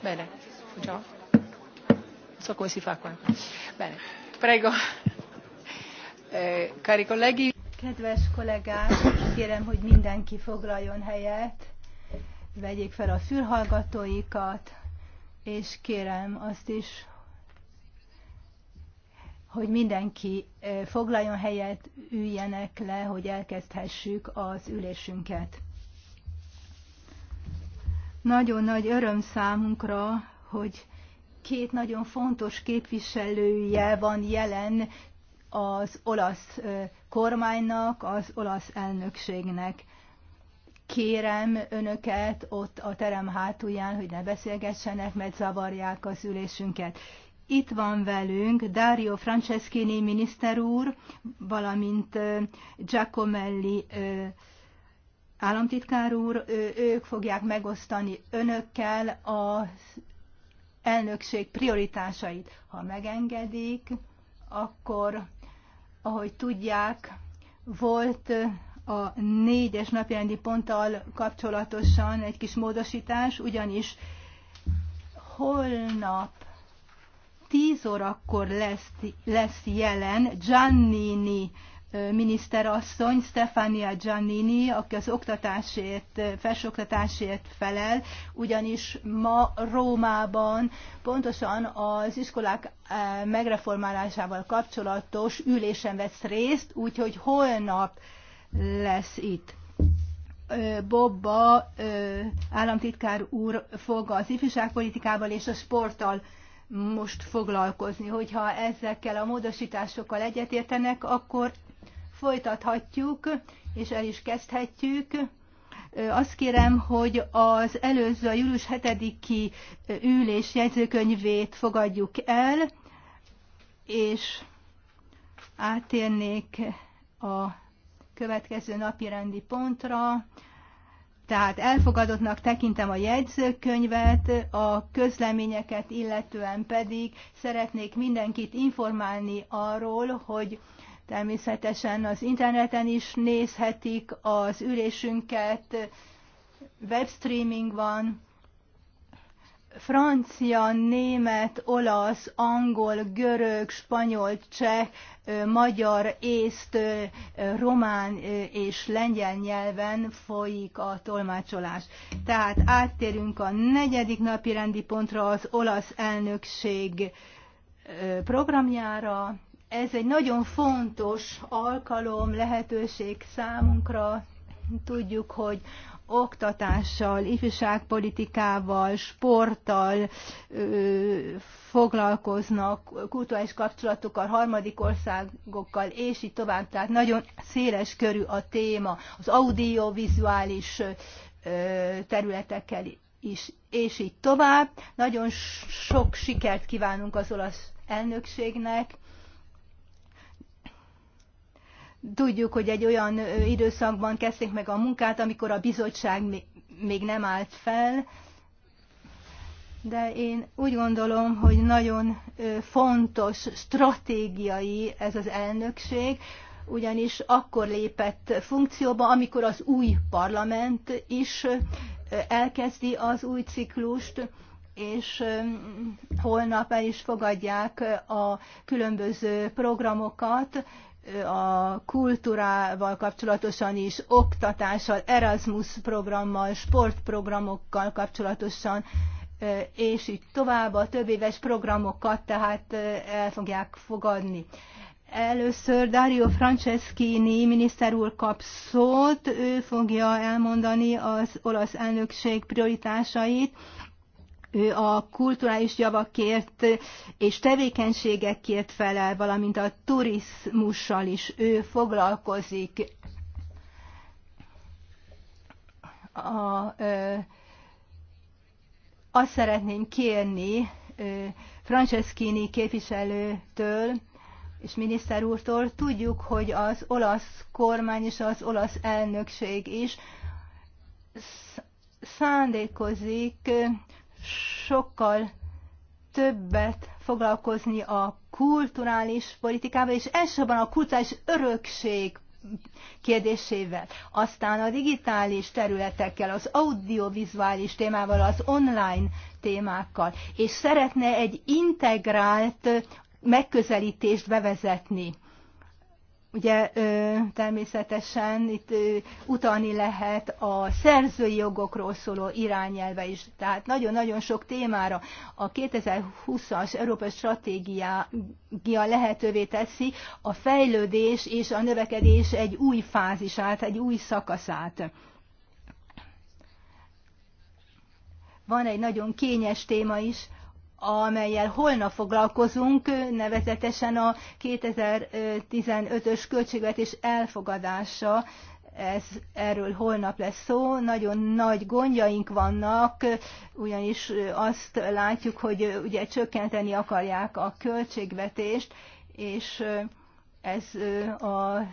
Bene, già. Non so come si fa qua. Bene, prego. Eh, cari colleghi. Kedves kollégák, kérem, hogy mindenki foglaljon helyet, vegyék fel a fülhallgatóikat, és kérem azt is, hogy mindenki foglaljon helyet, üljenek le, hogy elkezdhessük az ülésünket. Nagyon nagy öröm számunkra, hogy két nagyon fontos képviselője van jelen az olasz kormánynak, az olasz elnökségnek. Kérem önöket ott a terem hátulján, hogy ne beszélgessenek, mert zavarják az ülésünket. Itt van velünk Dario Franceschini miniszter úr, valamint Giacomelli államtitkár úr, ők fogják megosztani önökkel az elnökség prioritásait. Ha megengedik, akkor, ahogy tudják, volt a négyes napjelendi ponttal kapcsolatosan egy kis módosítás, ugyanis holnap 10 órakor lesz, lesz jelen Giannini miniszterasszony, Stefania Giannini, aki az oktatásért, felsőoktatásért felel, ugyanis ma Rómában pontosan az iskolák megreformálásával kapcsolatos ülésen vesz részt, úgyhogy holnap lesz itt. Bobba államtitkár úr fog az ifjúságpolitikával és a sporttal most foglalkozni. Hogyha ezekkel a módosításokkal egyetértenek, akkor folytathatjuk, és el is kezdhetjük. Azt kérem, hogy az előző, a július 7-i ülés jegyzőkönyvét fogadjuk el, és átérnék a következő napi rendi pontra, tehát elfogadottnak tekintem a jegyzőkönyvet, a közleményeket illetően pedig szeretnék mindenkit informálni arról, hogy természetesen az interneten is nézhetik az ülésünket, webstreaming van, francia, német, olasz, angol, görög, spanyol, cseh, magyar, észt, román és lengyel nyelven folyik a tolmácsolás. Tehát áttérünk a negyedik napi rendi pontra, az olasz elnökség programjára. Ez egy nagyon fontos alkalom, lehetőség számunkra. Tudjuk, hogy oktatással, ifjúságpolitikával, sporttal ö, foglalkoznak, kulturális kapcsolatokkal, harmadik országokkal, és így tovább. Tehát nagyon széles körű a téma, az audiovizuális területekkel is, és így tovább. Nagyon sok sikert kívánunk az olasz elnökségnek, Tudjuk, hogy egy olyan időszakban kezdték meg a munkát, amikor a bizottság még nem állt fel, de én úgy gondolom, hogy nagyon fontos stratégiai ez az elnökség, ugyanis akkor lépett funkcióba, amikor az új parlament is elkezdi az új ciklust, és holnap el is fogadják a különböző programokat, a kultúrával kapcsolatosan is, oktatással, Erasmus programmal, sportprogramokkal kapcsolatosan, és így tovább a több éves programokat tehát el fogják fogadni. Először Dario Franceschini miniszter úr kap szót, ő fogja elmondani az olasz elnökség prioritásait ő a kulturális javakért és tevékenységekért felel, valamint a turizmussal is ő foglalkozik. A, ö, azt szeretném kérni ö, Franceschini képviselőtől, és miniszter úrtól tudjuk, hogy az olasz kormány és az olasz elnökség is szándékozik sokkal többet foglalkozni a kulturális politikával, és elsősorban a kulturális örökség kérdésével, aztán a digitális területekkel, az audiovizuális témával, az online témákkal, és szeretne egy integrált megközelítést bevezetni Ugye természetesen itt utalni lehet a szerzői jogokról szóló irányelve is, tehát nagyon-nagyon sok témára a 2020-as Európai Stratégia lehetővé teszi a fejlődés és a növekedés egy új fázisát, egy új szakaszát. Van egy nagyon kényes téma is, amelyel holnap foglalkozunk, nevezetesen a 2015-ös költségvetés elfogadása. Ez, erről holnap lesz szó. Nagyon nagy gondjaink vannak, ugyanis azt látjuk, hogy ugye csökkenteni akarják a költségvetést, és ez a,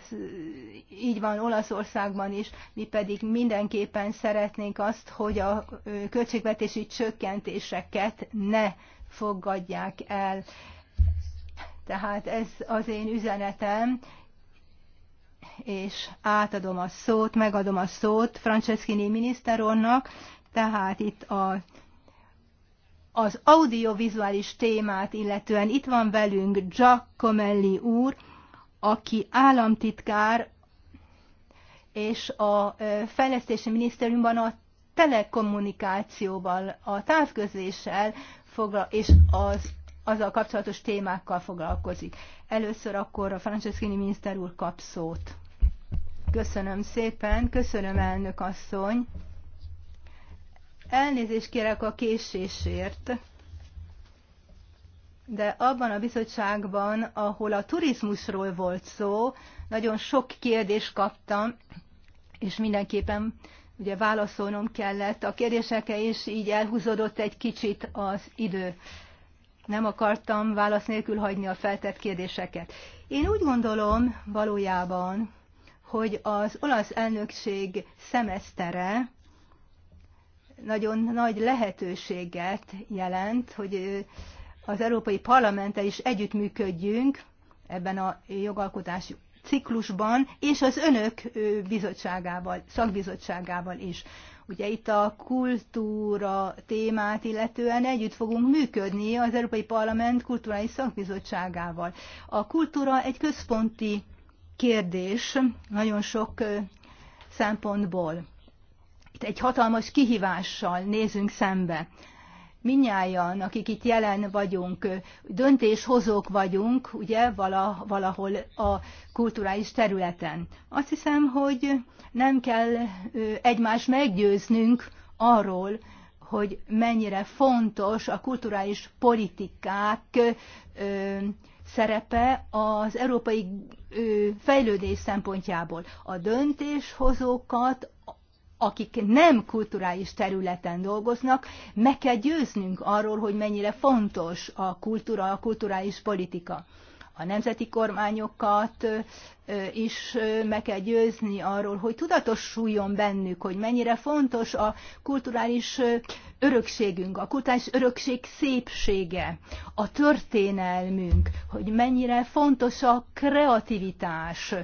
így van Olaszországban is, mi pedig mindenképpen szeretnénk azt, hogy a költségvetési csökkentéseket ne fogadják el. Tehát ez az én üzenetem, és átadom a szót, megadom a szót Franceschini miniszterónak, tehát itt a, az audiovizuális témát illetően itt van velünk Giacomelli úr, aki államtitkár és a fejlesztési minisztériumban a telekommunikációval, a távközléssel foglal, és az, azzal kapcsolatos témákkal foglalkozik. Először akkor a Franceschini miniszter úr kap szót. Köszönöm szépen, köszönöm elnök asszony. Elnézést kérek a késésért, de abban a bizottságban, ahol a turizmusról volt szó, nagyon sok kérdést kaptam, és mindenképpen ugye válaszolnom kellett a kérdésekre, és így elhúzódott egy kicsit az idő. Nem akartam válasz nélkül hagyni a feltett kérdéseket. Én úgy gondolom valójában, hogy az olasz elnökség szemesztere nagyon nagy lehetőséget jelent, hogy az Európai Parlamenttel is együttműködjünk ebben a jogalkotási ciklusban, és az önök bizottságával, szakbizottságával is. Ugye itt a kultúra témát illetően együtt fogunk működni az Európai Parlament kulturális szakbizottságával. A kultúra egy központi kérdés nagyon sok szempontból. Itt egy hatalmas kihívással nézünk szembe minnyáján, akik itt jelen vagyunk, döntéshozók vagyunk, ugye, vala, valahol a kulturális területen. Azt hiszem, hogy nem kell egymást meggyőznünk arról, hogy mennyire fontos a kulturális politikák ö, szerepe az európai ö, fejlődés szempontjából. A döntéshozókat akik nem kulturális területen dolgoznak, meg kell győznünk arról, hogy mennyire fontos a kultúra, a kulturális politika. A nemzeti kormányokat is meg kell győzni arról, hogy tudatosuljon bennük, hogy mennyire fontos a kulturális örökségünk, a kulturális örökség szépsége, a történelmünk, hogy mennyire fontos a kreativitás,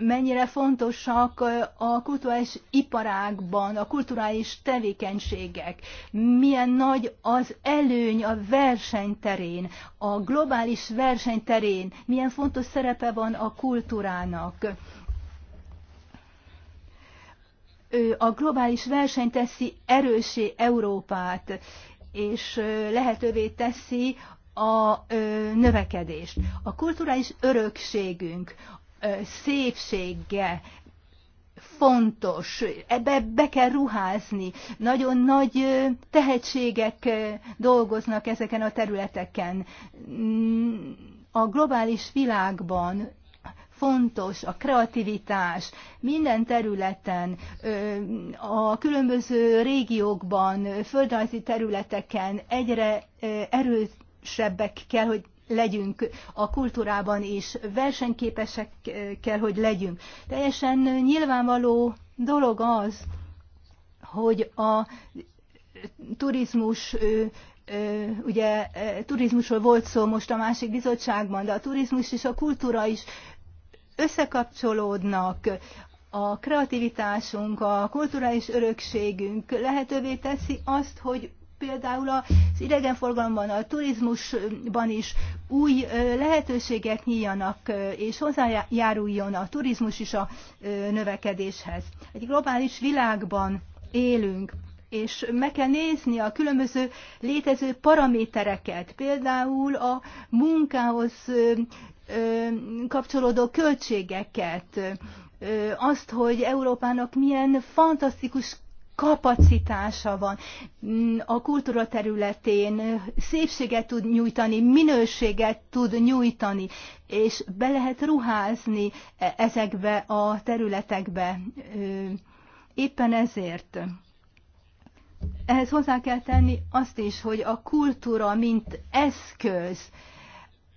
mennyire fontosak a kulturális iparágban, a kulturális tevékenységek, milyen nagy az előny a versenyterén, a globális versenyterén, milyen fontos szerepe van a kultúrának. A globális verseny teszi erősé Európát, és lehetővé teszi a növekedést. A kulturális örökségünk, szépsége fontos, ebbe be kell ruházni. Nagyon nagy tehetségek dolgoznak ezeken a területeken. Mm, a globális világban fontos a kreativitás minden területen, a különböző régiókban, földrajzi területeken egyre erősebbek kell, hogy legyünk a kultúrában is, versenyképesek kell, hogy legyünk. Teljesen nyilvánvaló dolog az, hogy a turizmus ugye turizmusról volt szó most a másik bizottságban, de a turizmus és a kultúra is összekapcsolódnak. A kreativitásunk, a kulturális örökségünk lehetővé teszi azt, hogy például az idegenforgalomban, a turizmusban is új lehetőségek nyíljanak, és hozzájáruljon a turizmus is a növekedéshez. Egy globális világban élünk, és meg kell nézni a különböző létező paramétereket, például a munkához kapcsolódó költségeket, azt, hogy Európának milyen fantasztikus kapacitása van, mm, a kultúra területén szépséget tud nyújtani, minőséget tud nyújtani, és be lehet ruházni e, ezekbe a területekbe. Éppen ezért ehhez hozzá kell tenni azt is, hogy a kultúra, mint eszköz,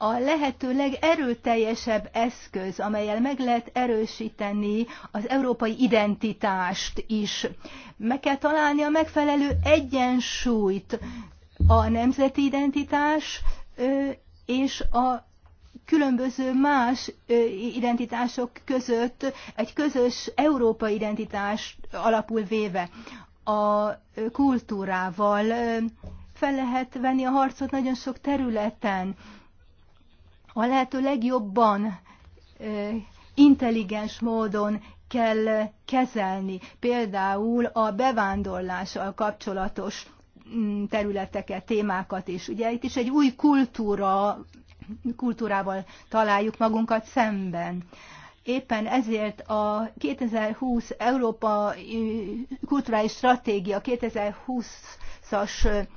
a lehető legerőteljesebb eszköz, amelyel meg lehet erősíteni az európai identitást is. Meg kell találni a megfelelő egyensúlyt a nemzeti identitás és a különböző más identitások között egy közös európai identitás alapul véve a kultúrával fel lehet venni a harcot nagyon sok területen a lehető legjobban intelligens módon kell kezelni, például a bevándorlással kapcsolatos mm, területeket, témákat is. Ugye itt is egy új kultúra, kultúrával találjuk magunkat szemben. Éppen ezért a 2020 Európa Kulturális Stratégia 2020-as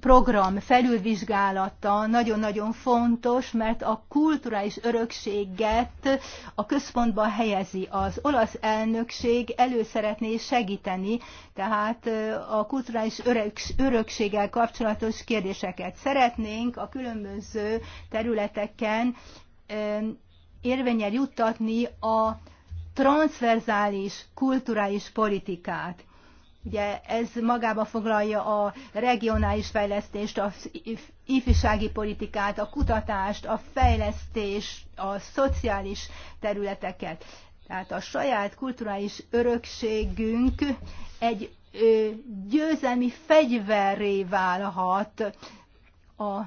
program felülvizsgálata nagyon-nagyon fontos, mert a kulturális örökséget a központba helyezi. Az olasz elnökség elő szeretné segíteni, tehát a kulturális örökséggel kapcsolatos kérdéseket szeretnénk a különböző területeken érvényel juttatni a transzverzális kulturális politikát Ugye ez magába foglalja a regionális fejlesztést, a ifjúsági politikát, a kutatást, a fejlesztés, a szociális területeket. Tehát a saját kulturális örökségünk egy győzelmi fegyverré válhat a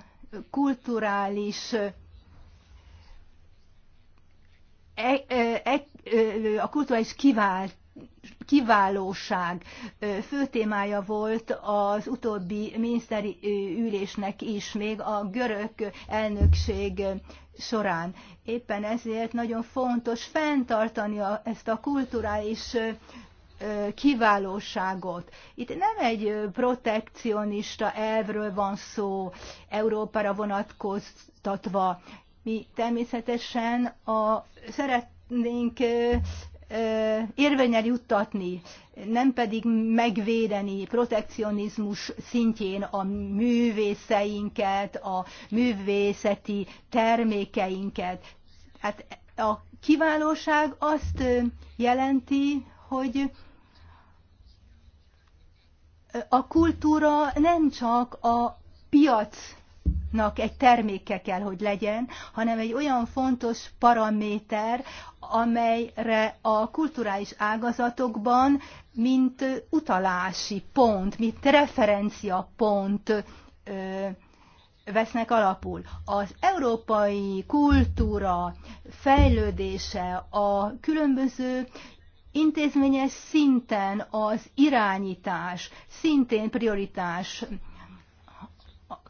kulturális e, e, a kulturális kivált kiválóság fő témája volt az utóbbi miniszteri ülésnek is, még a görög elnökség során. Éppen ezért nagyon fontos fenntartani a, ezt a kulturális kiválóságot. Itt nem egy protekcionista elvről van szó, Európára vonatkoztatva. Mi természetesen a, szeretnénk érvényel juttatni, nem pedig megvédeni protekcionizmus szintjén a művészeinket, a művészeti termékeinket. Hát a kiválóság azt jelenti, hogy a kultúra nem csak a piac nak egy terméke kell, hogy legyen, hanem egy olyan fontos paraméter, amelyre a kulturális ágazatokban, mint utalási pont, mint referencia pont vesznek alapul. Az európai kultúra fejlődése a különböző intézményes szinten az irányítás szintén prioritás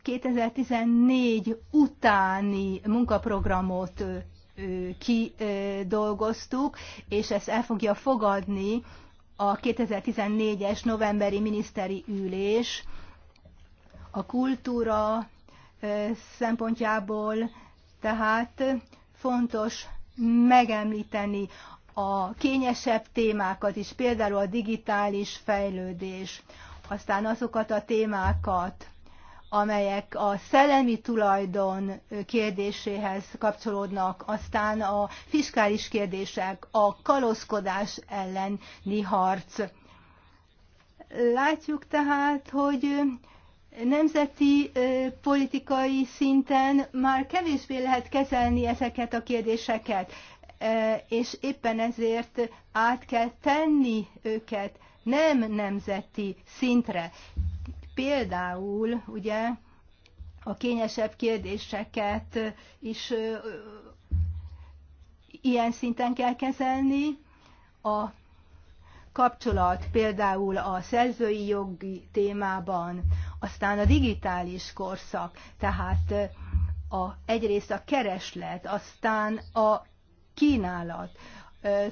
2014 utáni munkaprogramot kidolgoztuk, és ezt el fogja fogadni a 2014-es novemberi miniszteri ülés. A kultúra szempontjából tehát fontos megemlíteni a kényesebb témákat is, például a digitális fejlődés, aztán azokat a témákat, amelyek a szellemi tulajdon kérdéséhez kapcsolódnak, aztán a fiskális kérdések, a kaloszkodás elleni harc. Látjuk tehát, hogy nemzeti politikai szinten már kevésbé lehet kezelni ezeket a kérdéseket, és éppen ezért át kell tenni őket nem nemzeti szintre például ugye a kényesebb kérdéseket is ilyen szinten kell kezelni, a kapcsolat például a szerzői jogi témában, aztán a digitális korszak, tehát a, egyrészt a kereslet, aztán a kínálat,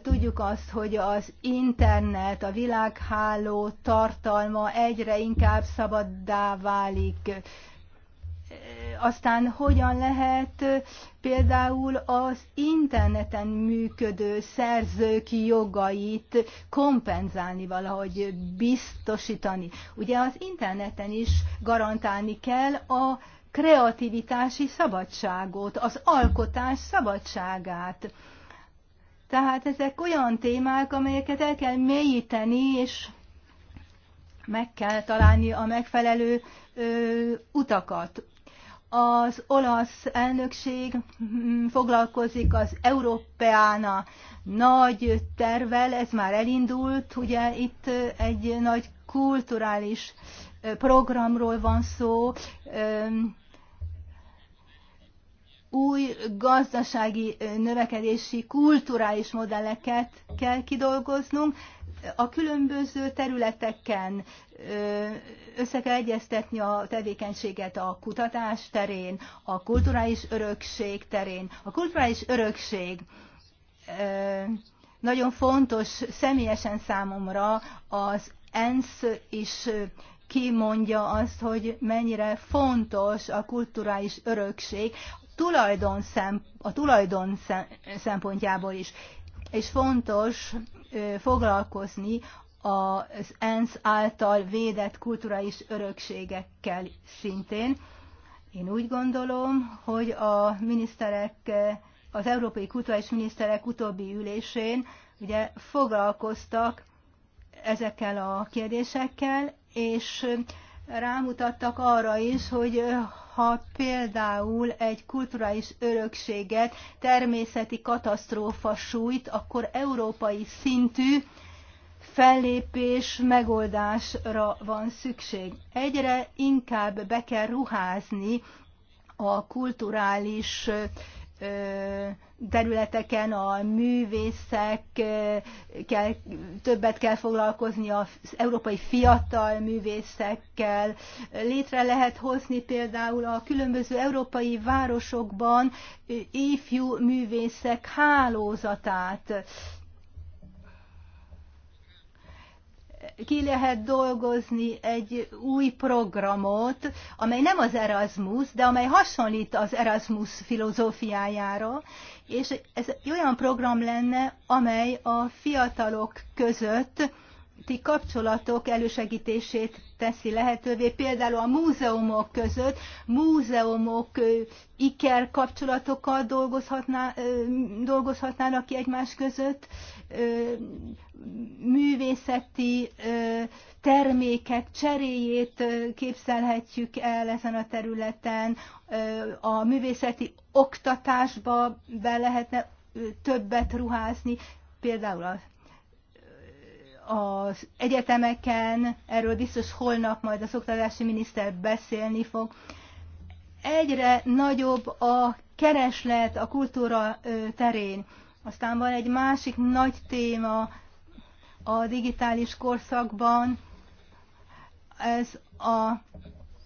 Tudjuk azt, hogy az internet, a világháló tartalma egyre inkább szabaddá válik. Aztán hogyan lehet például az interneten működő szerzők jogait kompenzálni valahogy, biztosítani. Ugye az interneten is garantálni kell a kreativitási szabadságot, az alkotás szabadságát tehát ezek olyan témák, amelyeket el kell mélyíteni, és meg kell találni a megfelelő ö, utakat. Az olasz elnökség mm, foglalkozik az Európeána nagy tervel, ez már elindult, ugye itt egy nagy kulturális programról van szó, új gazdasági növekedési kulturális modelleket kell kidolgoznunk, a különböző területeken össze kell egyeztetni a tevékenységet a kutatás terén, a kulturális örökség terén. A kulturális örökség nagyon fontos személyesen számomra az ENSZ is kimondja azt, hogy mennyire fontos a kulturális örökség tulajdon szem, a tulajdon szempontjából is. És fontos foglalkozni az ENSZ által védett kulturális örökségekkel szintén. Én úgy gondolom, hogy a miniszterek, az európai kulturális miniszterek utóbbi ülésén ugye foglalkoztak ezekkel a kérdésekkel, és rámutattak arra is, hogy ha például egy kulturális örökséget természeti katasztrófa sújt, akkor európai szintű fellépés, megoldásra van szükség. Egyre inkább be kell ruházni a kulturális területeken a művészekkel többet kell foglalkozni, az európai fiatal művészekkel. Létre lehet hozni például a különböző európai városokban ifjú művészek hálózatát. ki lehet dolgozni egy új programot, amely nem az Erasmus, de amely hasonlít az Erasmus filozófiájára, és ez egy olyan program lenne, amely a fiatalok között közötti kapcsolatok elősegítését teszi lehetővé, például a múzeumok között, múzeumok iker kapcsolatokat dolgozhatná, dolgozhatnának ki egymás között, művészeti termékek cseréjét képzelhetjük el ezen a területen, a művészeti oktatásba be lehetne többet ruházni, például a az egyetemeken, erről biztos holnap majd az oktatási miniszter beszélni fog. Egyre nagyobb a kereslet a kultúra terén. Aztán van egy másik nagy téma a digitális korszakban, ez a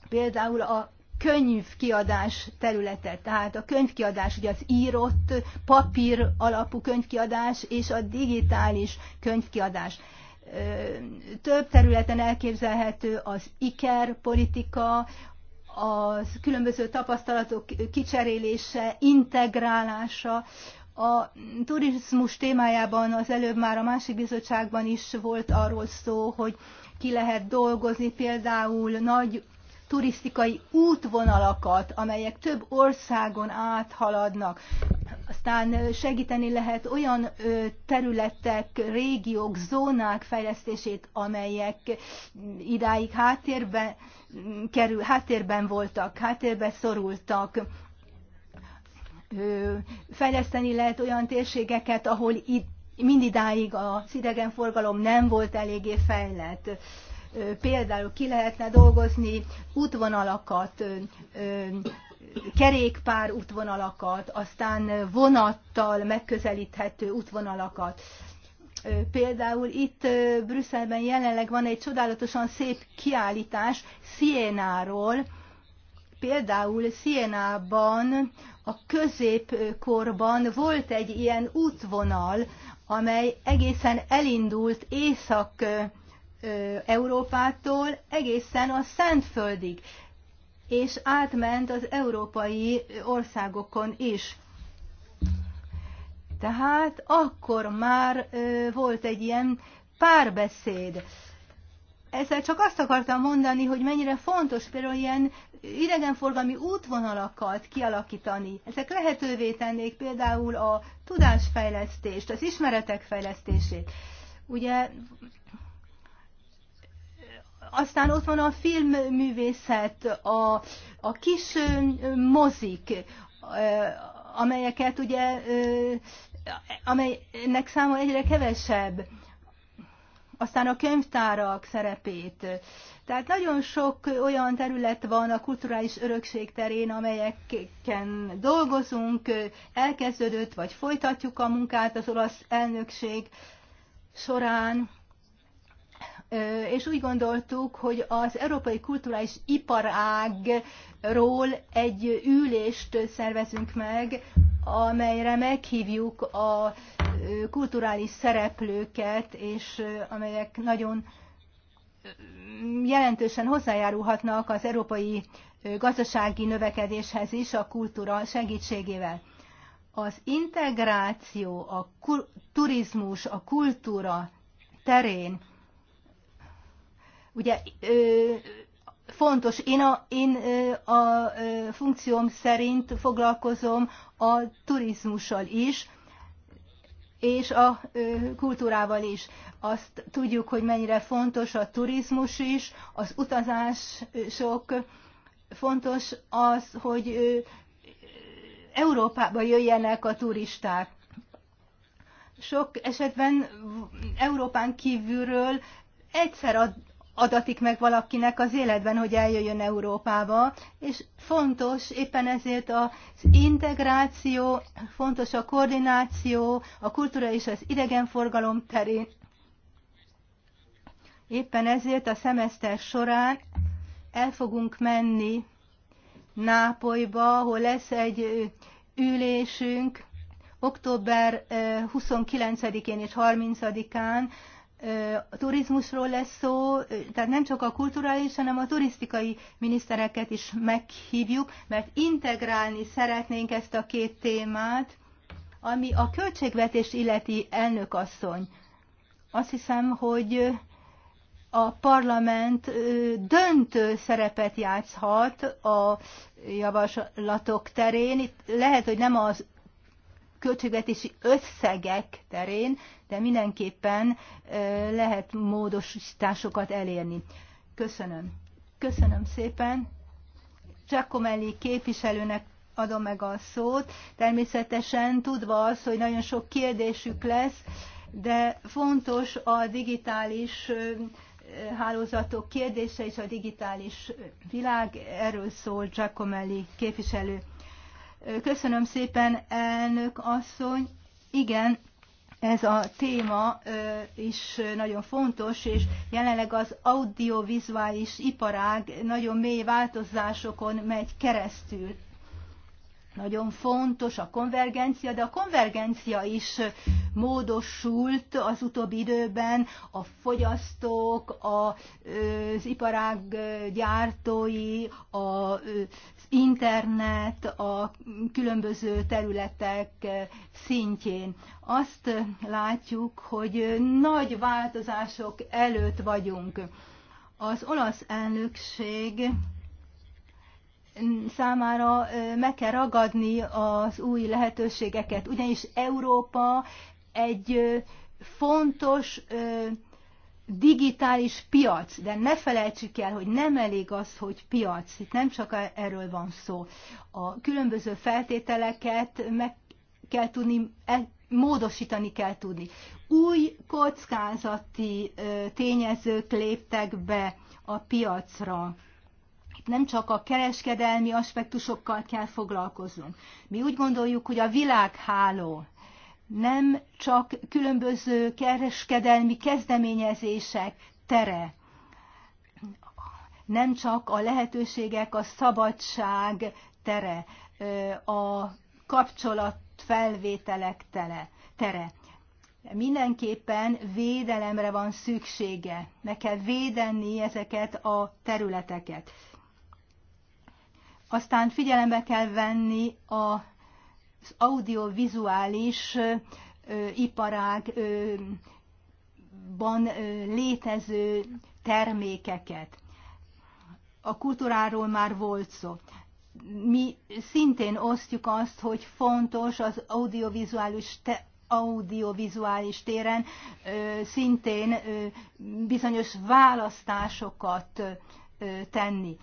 például a könyvkiadás területe, tehát a könyvkiadás, ugye az írott papír alapú könyvkiadás és a digitális könyvkiadás. Több területen elképzelhető az iker politika, a különböző tapasztalatok kicserélése, integrálása. A turizmus témájában az előbb már a másik bizottságban is volt arról szó, hogy ki lehet dolgozni például nagy turisztikai útvonalakat, amelyek több országon áthaladnak aztán segíteni lehet olyan területek, régiók, zónák fejlesztését, amelyek idáig háttérben, kerül, háttérben voltak, háttérbe szorultak fejleszteni lehet olyan térségeket, ahol itt mindidáig a idegenforgalom nem volt eléggé fejlett. Például ki lehetne dolgozni útvonalakat, kerékpár útvonalakat, aztán vonattal megközelíthető útvonalakat. Például itt Brüsszelben jelenleg van egy csodálatosan szép kiállítás Sienáról. Például Sienában a középkorban volt egy ilyen útvonal, amely egészen elindult észak Európától egészen a Szentföldig és átment az európai országokon is. Tehát akkor már volt egy ilyen párbeszéd. Ezzel csak azt akartam mondani, hogy mennyire fontos például ilyen idegenforgalmi útvonalakat kialakítani. Ezek lehetővé tennék például a tudásfejlesztést, az ismeretek fejlesztését. Ugye aztán ott van a filmművészet, a, a kis mozik, amelyeket ugye, amelynek száma egyre kevesebb. Aztán a könyvtárak szerepét. Tehát nagyon sok olyan terület van a kulturális örökség terén, amelyeken dolgozunk, elkezdődött vagy folytatjuk a munkát az olasz elnökség során és úgy gondoltuk, hogy az Európai Kulturális Iparágról egy ülést szervezünk meg, amelyre meghívjuk a kulturális szereplőket, és amelyek nagyon jelentősen hozzájárulhatnak az európai gazdasági növekedéshez is a kultúra segítségével. Az integráció, a turizmus, a kultúra terén Ugye fontos, én a, én a funkcióm szerint foglalkozom a turizmussal is, és a kultúrával is. Azt tudjuk, hogy mennyire fontos a turizmus is, az utazások, fontos az, hogy Európába jöjjenek a turisták. Sok esetben Európán kívülről egyszer adatik meg valakinek az életben, hogy eljöjjön Európába, és fontos éppen ezért az integráció, fontos a koordináció, a kultúra és az idegenforgalom terén. Éppen ezért a szemeszter során el fogunk menni Nápolyba, ahol lesz egy ülésünk október 29-én és 30-án, a turizmusról lesz szó, tehát nem csak a kulturális, hanem a turisztikai minisztereket is meghívjuk, mert integrálni szeretnénk ezt a két témát, ami a költségvetés illeti elnök asszony. Azt hiszem, hogy a parlament döntő szerepet játszhat a javaslatok terén. Itt lehet, hogy nem az költségvetési összegek terén, de mindenképpen lehet módosításokat elérni. Köszönöm. Köszönöm szépen. Giacomelli képviselőnek adom meg a szót. Természetesen tudva az, hogy nagyon sok kérdésük lesz, de fontos a digitális hálózatok kérdése és a digitális világ. Erről szól Giacomelli képviselő. Köszönöm szépen, elnök asszony. Igen, ez a téma is nagyon fontos, és jelenleg az audiovizuális iparág nagyon mély változásokon megy keresztül. Nagyon fontos a konvergencia, de a konvergencia is módosult az utóbbi időben a fogyasztók, az iparág gyártói, az internet, a különböző területek szintjén. Azt látjuk, hogy nagy változások előtt vagyunk. Az olasz elnökség számára meg kell ragadni az új lehetőségeket, ugyanis Európa egy fontos digitális piac, de ne felejtsük el, hogy nem elég az, hogy piac, itt nem csak erről van szó. A különböző feltételeket meg kell tudni, e, módosítani kell tudni. Új kockázati tényezők léptek be a piacra nem csak a kereskedelmi aspektusokkal kell foglalkoznunk. Mi úgy gondoljuk, hogy a világháló nem csak különböző kereskedelmi kezdeményezések tere, nem csak a lehetőségek, a szabadság tere, a kapcsolatfelvételek tele, tere. Mindenképpen védelemre van szüksége, meg kell védeni ezeket a területeket. Aztán figyelembe kell venni az audiovizuális iparágban létező termékeket. A kultúráról már volt szó. Mi szintén osztjuk azt, hogy fontos az audiovizuális te- audiovizuális téren ö, szintén ö, bizonyos választásokat ö, tenni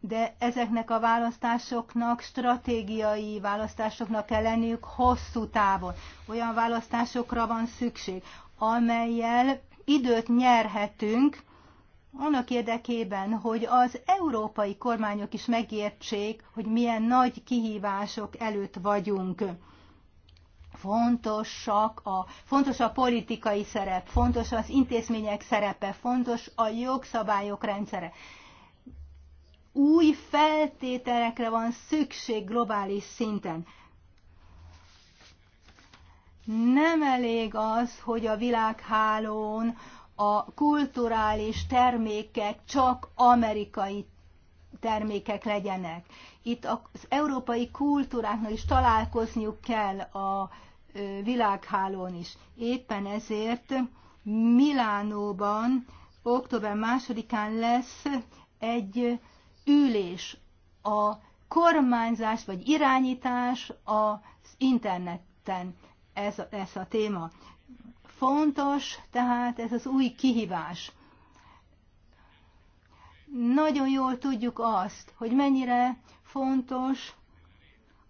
de ezeknek a választásoknak, stratégiai választásoknak kell lenniük hosszú távon. Olyan választásokra van szükség, amelyel időt nyerhetünk, annak érdekében, hogy az európai kormányok is megértsék, hogy milyen nagy kihívások előtt vagyunk. Fontosak a, fontos a politikai szerep, fontos az intézmények szerepe, fontos a jogszabályok rendszere új feltételekre van szükség globális szinten. Nem elég az, hogy a világhálón a kulturális termékek csak amerikai termékek legyenek. Itt az európai kultúráknak is találkozniuk kell a világhálón is. Éppen ezért Milánóban október másodikán lesz egy ülés, a kormányzás vagy irányítás az interneten. Ez, ez a téma. Fontos tehát ez az új kihívás. Nagyon jól tudjuk azt, hogy mennyire fontos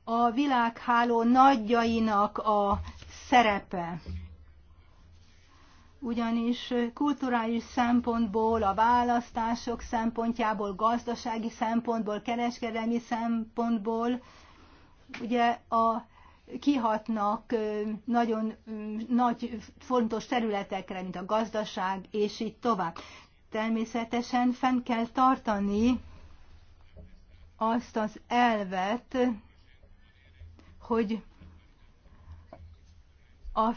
a világháló nagyjainak a szerepe ugyanis kulturális szempontból, a választások szempontjából, gazdasági szempontból, kereskedelmi szempontból ugye a kihatnak nagyon nagy fontos területekre, mint a gazdaság, és így tovább. Természetesen fenn kell tartani azt az elvet, hogy a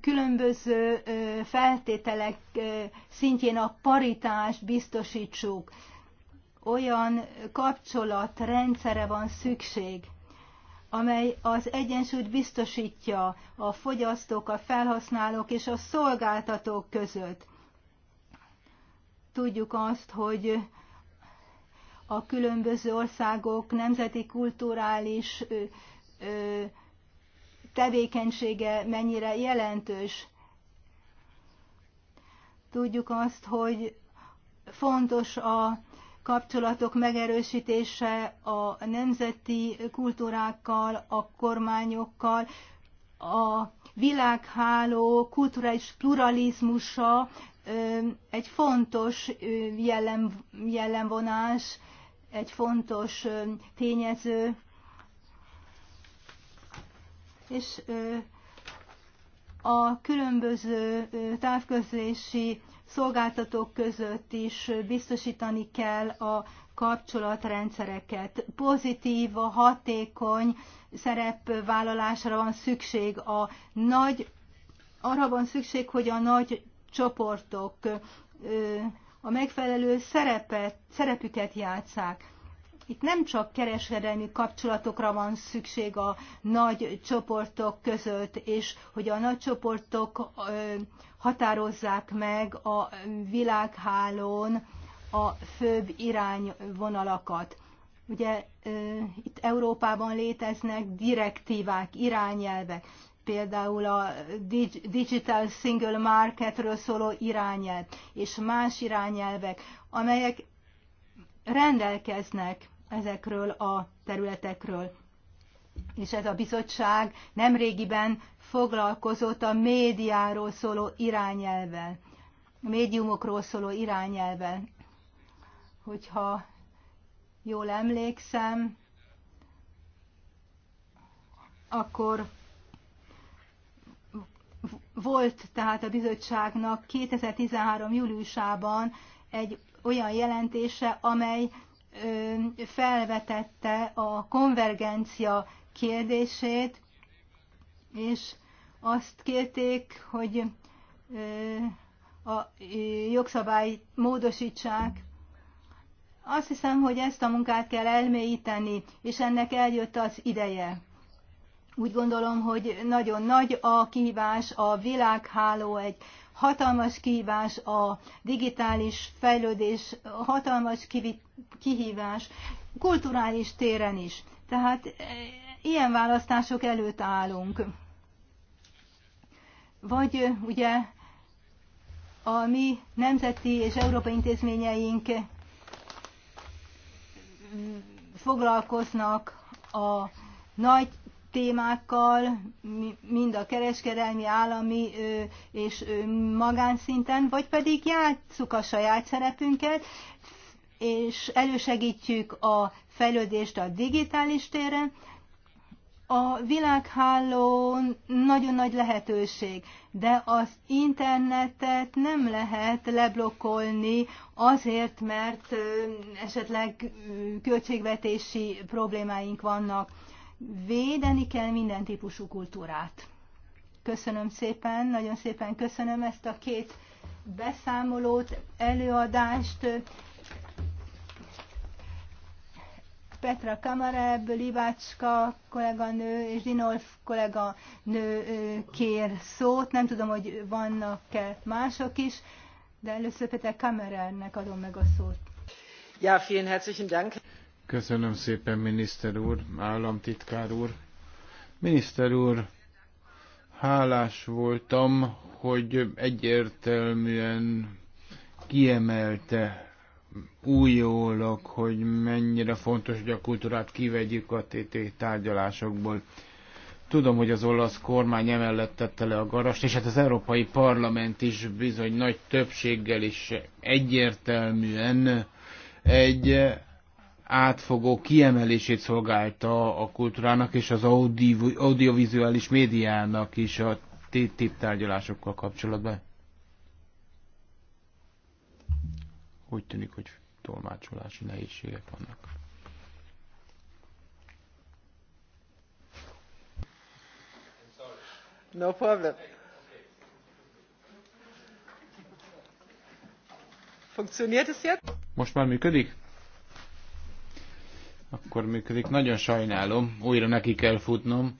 különböző feltételek szintjén a paritást biztosítsuk. Olyan kapcsolatrendszere van szükség, amely az egyensúlyt biztosítja a fogyasztók, a felhasználók és a szolgáltatók között. Tudjuk azt, hogy a különböző országok nemzeti kulturális ö, ö, tevékenysége mennyire jelentős. Tudjuk azt, hogy fontos a kapcsolatok megerősítése a nemzeti kultúrákkal, a kormányokkal, a világháló kulturális pluralizmusa egy fontos jellem, jellemvonás, egy fontos tényező és a különböző távközlési szolgáltatók között is biztosítani kell a kapcsolatrendszereket. Pozitív, a hatékony szerepvállalásra van szükség. A nagy, arra van szükség, hogy a nagy csoportok a megfelelő szerepet, szerepüket játszák. Itt nem csak kereskedelmi kapcsolatokra van szükség a nagy csoportok között, és hogy a nagy csoportok határozzák meg a világhálón a főbb irányvonalakat. Ugye itt Európában léteznek direktívák, irányelvek, például a Digital Single Marketről szóló irányelv és más irányelvek, amelyek rendelkeznek ezekről a területekről. És ez a bizottság nemrégiben foglalkozott a médiáról szóló irányelvel, a médiumokról szóló irányelvel. Hogyha jól emlékszem, akkor volt tehát a bizottságnak 2013. júliusában egy olyan jelentése, amely felvetette a konvergencia kérdését, és azt kérték, hogy a jogszabályt módosítsák. Azt hiszem, hogy ezt a munkát kell elmélyíteni, és ennek eljött az ideje. Úgy gondolom, hogy nagyon nagy a kihívás, a világháló egy Hatalmas kihívás a digitális fejlődés, hatalmas kihívás kulturális téren is. Tehát e, ilyen választások előtt állunk. Vagy ugye a mi nemzeti és európai intézményeink foglalkoznak a nagy témákkal, mind a kereskedelmi, állami és magánszinten, vagy pedig játsszuk a saját szerepünket, és elősegítjük a fejlődést a digitális téren, a világháló nagyon nagy lehetőség, de az internetet nem lehet leblokkolni azért, mert esetleg költségvetési problémáink vannak. Védeni kell minden típusú kultúrát. Köszönöm szépen, nagyon szépen köszönöm ezt a két beszámolót, előadást. Petra Kamareb, Libácska kolléganő és Dinolf kolléganő kér szót. Nem tudom, hogy vannak-e mások is, de először Petra Kamerebnek adom meg a szót. Ja, vielen herzlichen Dank. Köszönöm szépen, miniszter úr, államtitkár úr. Miniszter úr, hálás voltam, hogy egyértelműen kiemelte újólag, hogy mennyire fontos, hogy a kultúrát kivegyük a TT tárgyalásokból. Tudom, hogy az olasz kormány emellett tette le a garast, és hát az Európai Parlament is bizony nagy többséggel is egyértelműen egy átfogó kiemelését szolgálta a kultúrának és az audiovizuális médiának is a TTIP tárgyalásokkal kapcsolatban? Úgy tűnik, hogy tolmácsolási nehézségek vannak. No problem. Funktioniert es jetzt? Most már működik? akkor működik. Nagyon sajnálom, újra neki kell futnom.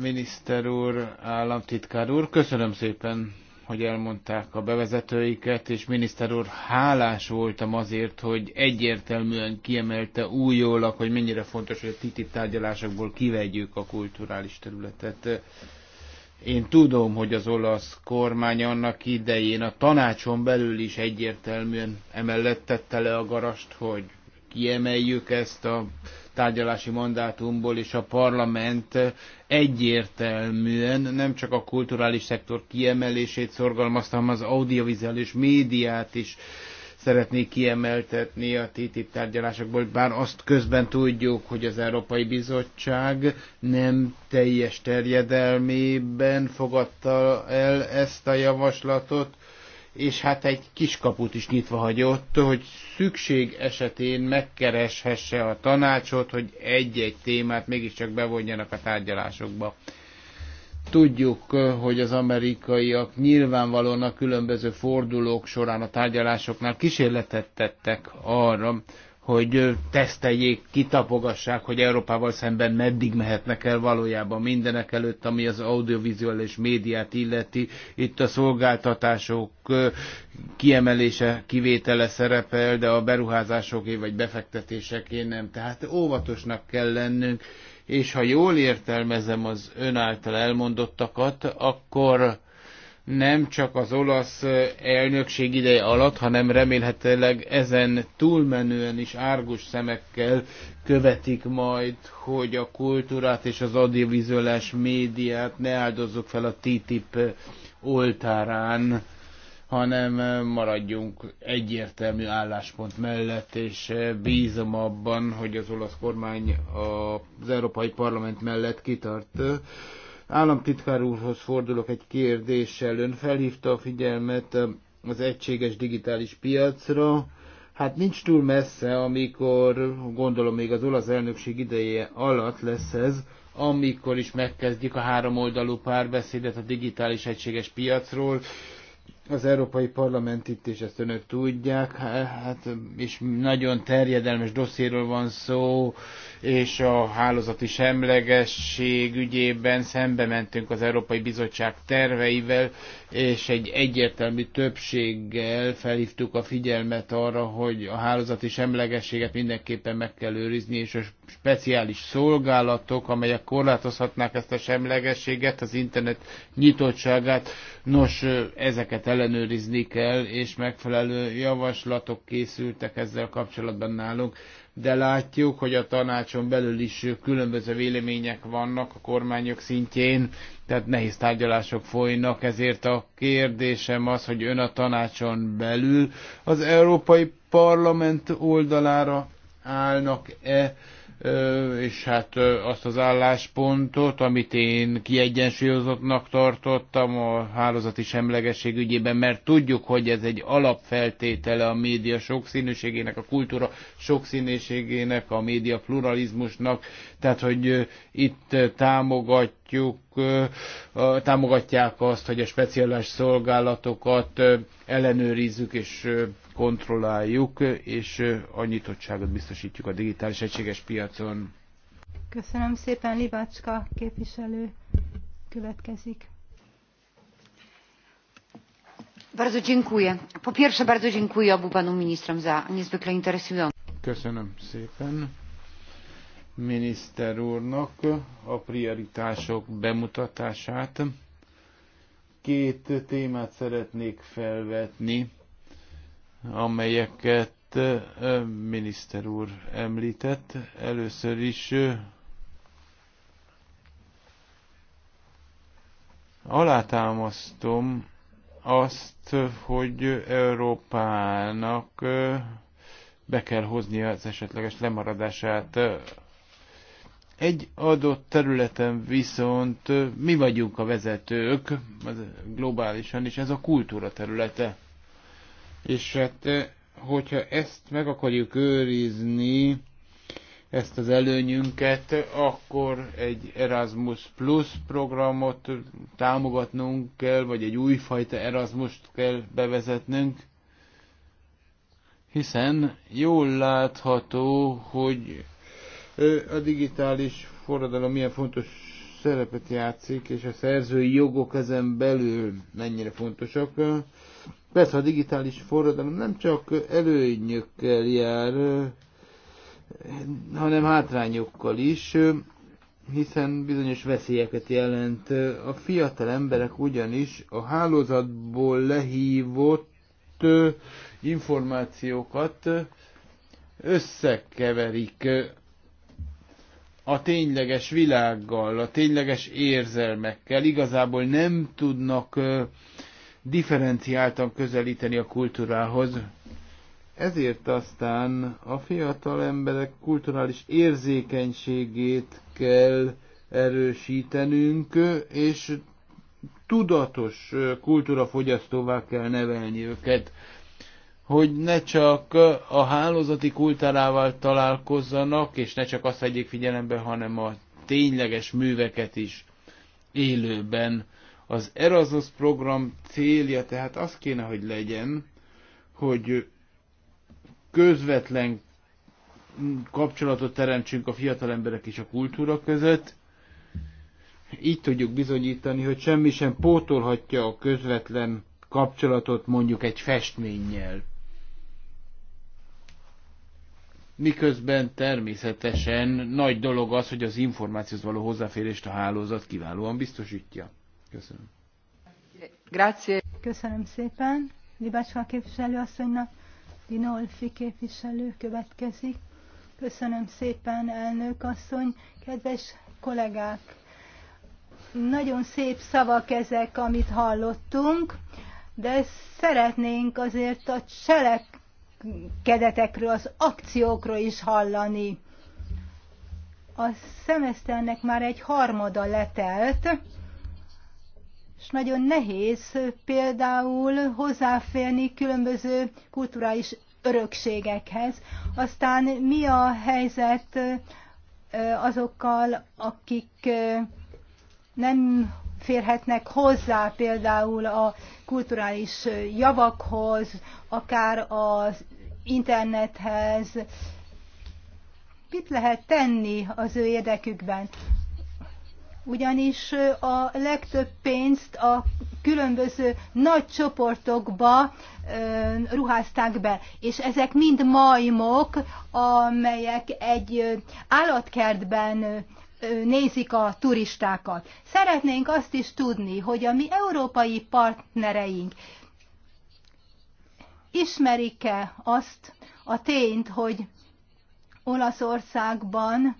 Miniszter úr, államtitkár úr, köszönöm szépen, hogy elmondták a bevezetőiket, és miniszter úr, hálás voltam azért, hogy egyértelműen kiemelte újólag, hogy mennyire fontos, hogy a TTIP tárgyalásokból kivegyük a kulturális területet. Én tudom, hogy az olasz kormány annak idején a tanácson belül is egyértelműen emellett tette le a garast, hogy kiemeljük ezt a tárgyalási mandátumból, és a parlament egyértelműen nem csak a kulturális szektor kiemelését szorgalmazta, hanem az audiovizuális médiát is szeretnék kiemeltetni a TTIP tárgyalásokból, bár azt közben tudjuk, hogy az Európai Bizottság nem teljes terjedelmében fogadta el ezt a javaslatot, és hát egy kis kaput is nyitva hagyott, hogy szükség esetén megkereshesse a tanácsot, hogy egy-egy témát mégiscsak bevonjanak a tárgyalásokba. Tudjuk, eh, hogy az amerikaiak nyilvánvalóan a különböző fordulók során a tárgyalásoknál kísérletet tettek arra, hogy eh, teszteljék, kitapogassák, hogy Európával szemben meddig mehetnek el valójában mindenek előtt, ami az audiovizuális médiát illeti. Itt a szolgáltatások eh, kiemelése, kivétele szerepel, de a beruházásoké vagy befektetéseké nem. Tehát óvatosnak kell lennünk, és ha jól értelmezem az ön által elmondottakat, akkor nem csak az olasz elnökség ideje alatt, hanem remélhetőleg ezen túlmenően is árgus szemekkel követik majd, hogy a kultúrát és az audiovizuális médiát ne áldozzuk fel a TTIP oltárán hanem eh, maradjunk egyértelmű álláspont mellett, és eh, bízom abban, hogy az olasz kormány az Európai Parlament mellett kitart. Államtitkár úrhoz fordulok egy kérdéssel. Ön felhívta a figyelmet eh, az egységes digitális piacra. Hát nincs túl messze, amikor gondolom még az olasz elnökség ideje alatt lesz ez, amikor is megkezdjük a háromoldalú párbeszédet a digitális egységes piacról az Európai Parlament itt, és ezt önök tudják, hát, és nagyon terjedelmes dosszéről van szó, és a hálózati semlegesség ügyében szembe mentünk az Európai Bizottság terveivel, és egy egyértelmű többséggel felhívtuk a figyelmet arra, hogy a hálózati semlegességet mindenképpen meg kell őrizni, és a speciális szolgálatok, amelyek korlátozhatnák ezt a semlegességet, az internet nyitottságát, nos, ezeket ellenőrizni kell, és megfelelő javaslatok készültek ezzel kapcsolatban nálunk de látjuk, hogy a tanácson belül is különböző vélemények vannak a kormányok szintjén, tehát nehéz tárgyalások folynak, ezért a kérdésem az, hogy ön a tanácson belül az Európai Parlament oldalára állnak-e, és hát azt az álláspontot, amit én kiegyensúlyozottnak tartottam a hálózati semlegesség ügyében, mert tudjuk, hogy ez egy alapfeltétele a média sokszínűségének, a kultúra sokszínűségének, a média pluralizmusnak, tehát hogy itt támogatjuk, támogatják azt, hogy a speciális szolgálatokat ellenőrizzük és kontrolláljuk, és a nyitottságot biztosítjuk a digitális egységes piacon. Köszönöm szépen, Libácska képviselő következik. Bardzo dziękuję. Po pierwsze, bardzo dziękuję obu panu ministrom za niezwykle interesujące. Köszönöm szépen miniszter úrnak a prioritások bemutatását. Két témát szeretnék felvetni amelyeket miniszter úr említett. Először is alátámasztom azt, hogy Európának be kell hoznia az esetleges lemaradását. Egy adott területen viszont mi vagyunk a vezetők, globálisan, és ez a kultúra területe és hát, eh, hogyha ezt meg akarjuk őrizni, ezt az előnyünket, akkor egy Erasmus Plus programot támogatnunk kell, vagy egy újfajta Erasmus-t kell bevezetnünk, hiszen jól látható, hogy eh, a digitális forradalom milyen fontos szerepet játszik, és a szerzői jogok ezen belül mennyire fontosak. Persze a digitális forradalom nem csak előnyökkel jár, hanem hátrányokkal is, hiszen bizonyos veszélyeket jelent. A fiatal emberek ugyanis a hálózatból lehívott információkat összekeverik a tényleges világgal, a tényleges érzelmekkel. Igazából nem tudnak differenciáltan közelíteni a kultúrához. Ezért aztán a fiatal emberek kulturális érzékenységét kell erősítenünk, és tudatos kultúrafogyasztóvá kell nevelni őket, hogy ne csak a hálózati kultúrával találkozzanak, és ne csak azt vegyék figyelembe, hanem a tényleges műveket is élőben az Erasmus program célja tehát az kéne, hogy legyen, hogy közvetlen kapcsolatot teremtsünk a fiatal emberek és a kultúra között. Így tudjuk bizonyítani, hogy semmi sem pótolhatja a közvetlen kapcsolatot mondjuk egy festménnyel. Miközben természetesen nagy dolog az, hogy az információhoz való hozzáférést a hálózat kiválóan biztosítja. Köszönöm. Köszönöm szépen. Libácska képviselő asszonynak, Dinolfi képviselő következik. Köszönöm szépen, elnök asszony, kedves kollégák! Nagyon szép szavak ezek, amit hallottunk, de szeretnénk azért a cselekedetekről, az akciókról is hallani. A szemeszternek már egy harmada letelt, és nagyon nehéz például hozzáférni különböző kulturális örökségekhez. Aztán mi a helyzet azokkal, akik nem férhetnek hozzá például a kulturális javakhoz, akár az internethez. Mit lehet tenni az ő érdekükben? ugyanis a legtöbb pénzt a különböző nagy csoportokba ruházták be, és ezek mind majmok, amelyek egy állatkertben nézik a turistákat. Szeretnénk azt is tudni, hogy a mi európai partnereink ismerik-e azt a tényt, hogy Olaszországban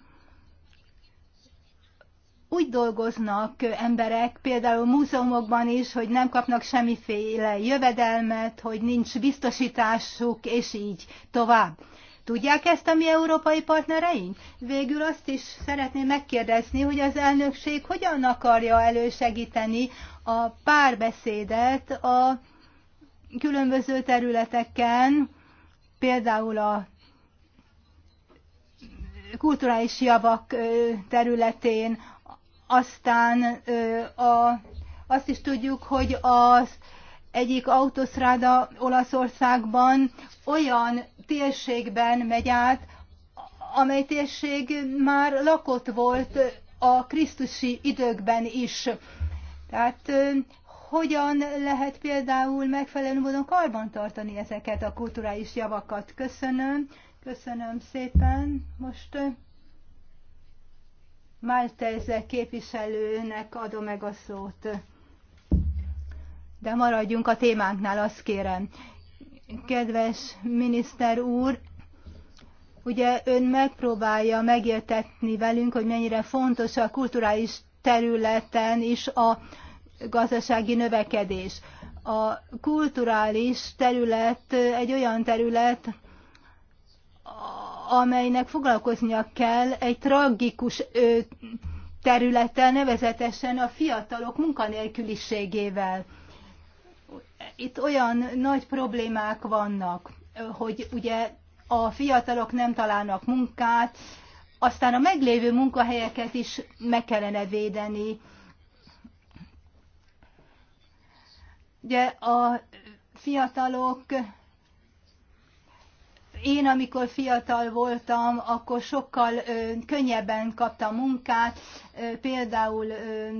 úgy dolgoznak emberek, például múzeumokban is, hogy nem kapnak semmiféle jövedelmet, hogy nincs biztosításuk, és így tovább. Tudják ezt a mi európai partnereink? Végül azt is szeretném megkérdezni, hogy az elnökség hogyan akarja elősegíteni a párbeszédet a különböző területeken, például a kulturális javak területén, aztán a, azt is tudjuk, hogy az egyik autosztráda Olaszországban olyan térségben megy át, amely térség már lakott volt a krisztusi időkben is. Tehát hogyan lehet például megfelelő módon karbantartani ezeket a kulturális javakat? Köszönöm, köszönöm szépen. Most Málteze képviselőnek adom meg a szót. De maradjunk a témánknál, azt kérem. Kedves miniszter úr, ugye ön megpróbálja megértetni velünk, hogy mennyire fontos a kulturális területen is a gazdasági növekedés. A kulturális terület egy olyan terület, amelynek foglalkoznia kell egy tragikus területtel, nevezetesen a fiatalok munkanélküliségével. Itt olyan nagy problémák vannak, hogy ugye a fiatalok nem találnak munkát, aztán a meglévő munkahelyeket is meg kellene védeni. Ugye a fiatalok én, amikor fiatal voltam, akkor sokkal könnyebben kaptam munkát, például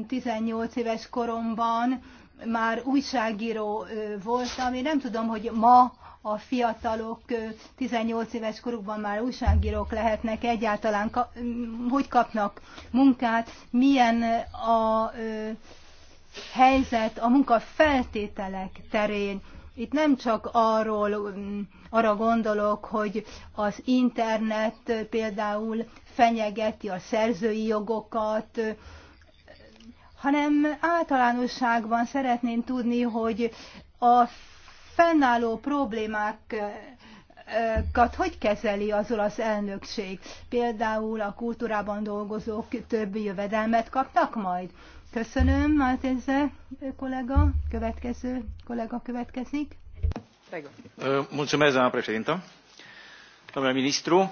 18 éves koromban már újságíró voltam. Én nem tudom, hogy ma a fiatalok 18 éves korukban már újságírók lehetnek, egyáltalán hogy kapnak munkát, milyen a helyzet a munka feltételek terén. Itt nem csak arról, arra gondolok, hogy az internet például fenyegeti a szerzői jogokat, hanem általánosságban szeretném tudni, hogy a fennálló problémákat hogy kezeli az olasz elnökség? Például a kultúrában dolgozók több jövedelmet kapnak majd? Köszönöm, Maltese kollega. Következő kollega következik. Mulțumesc, doamna președintă. Domnule ministru.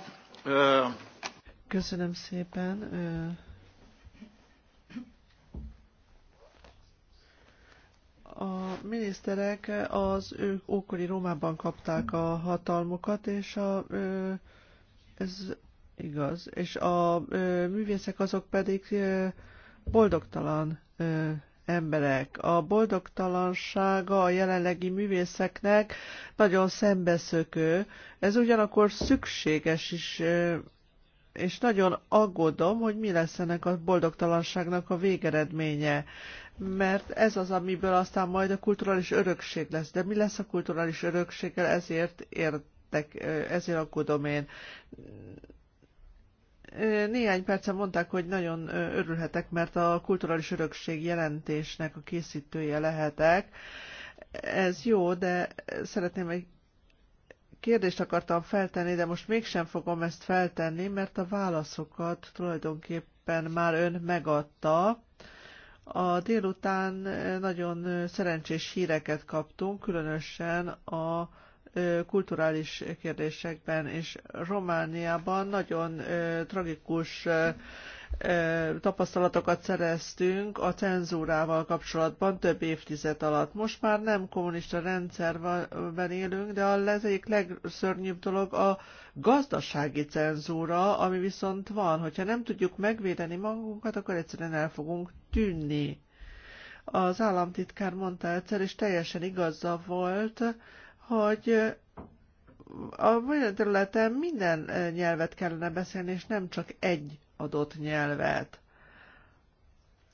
Köszönöm szépen. a miniszterek az ők ókori Rómában kapták a hatalmukat, és a, ez igaz. És a művészek azok pedig boldogtalan ö, emberek. A boldogtalansága a jelenlegi művészeknek nagyon szembeszökő, ez ugyanakkor szükséges is, ö, és nagyon aggódom, hogy mi lesz ennek a boldogtalanságnak a végeredménye mert ez az, amiből aztán majd a kulturális örökség lesz. De mi lesz a kulturális örökséggel, ezért értek, ezért aggódom én. Néhány percen mondták, hogy nagyon örülhetek, mert a kulturális örökség jelentésnek a készítője lehetek. Ez jó, de szeretném egy kérdést akartam feltenni, de most mégsem fogom ezt feltenni, mert a válaszokat tulajdonképpen már ön megadta. A délután nagyon szerencsés híreket kaptunk, különösen a kulturális kérdésekben, és Romániában nagyon tragikus tapasztalatokat szereztünk a cenzúrával kapcsolatban több évtized alatt. Most már nem kommunista rendszerben élünk, de a egyik legszörnyűbb dolog a gazdasági cenzúra, ami viszont van. Hogyha nem tudjuk megvédeni magunkat, akkor egyszerűen el fogunk tűnni. Az államtitkár mondta egyszer, és teljesen igaza volt, hogy a magyar területen minden nyelvet kellene beszélni, és nem csak egy adott nyelvet.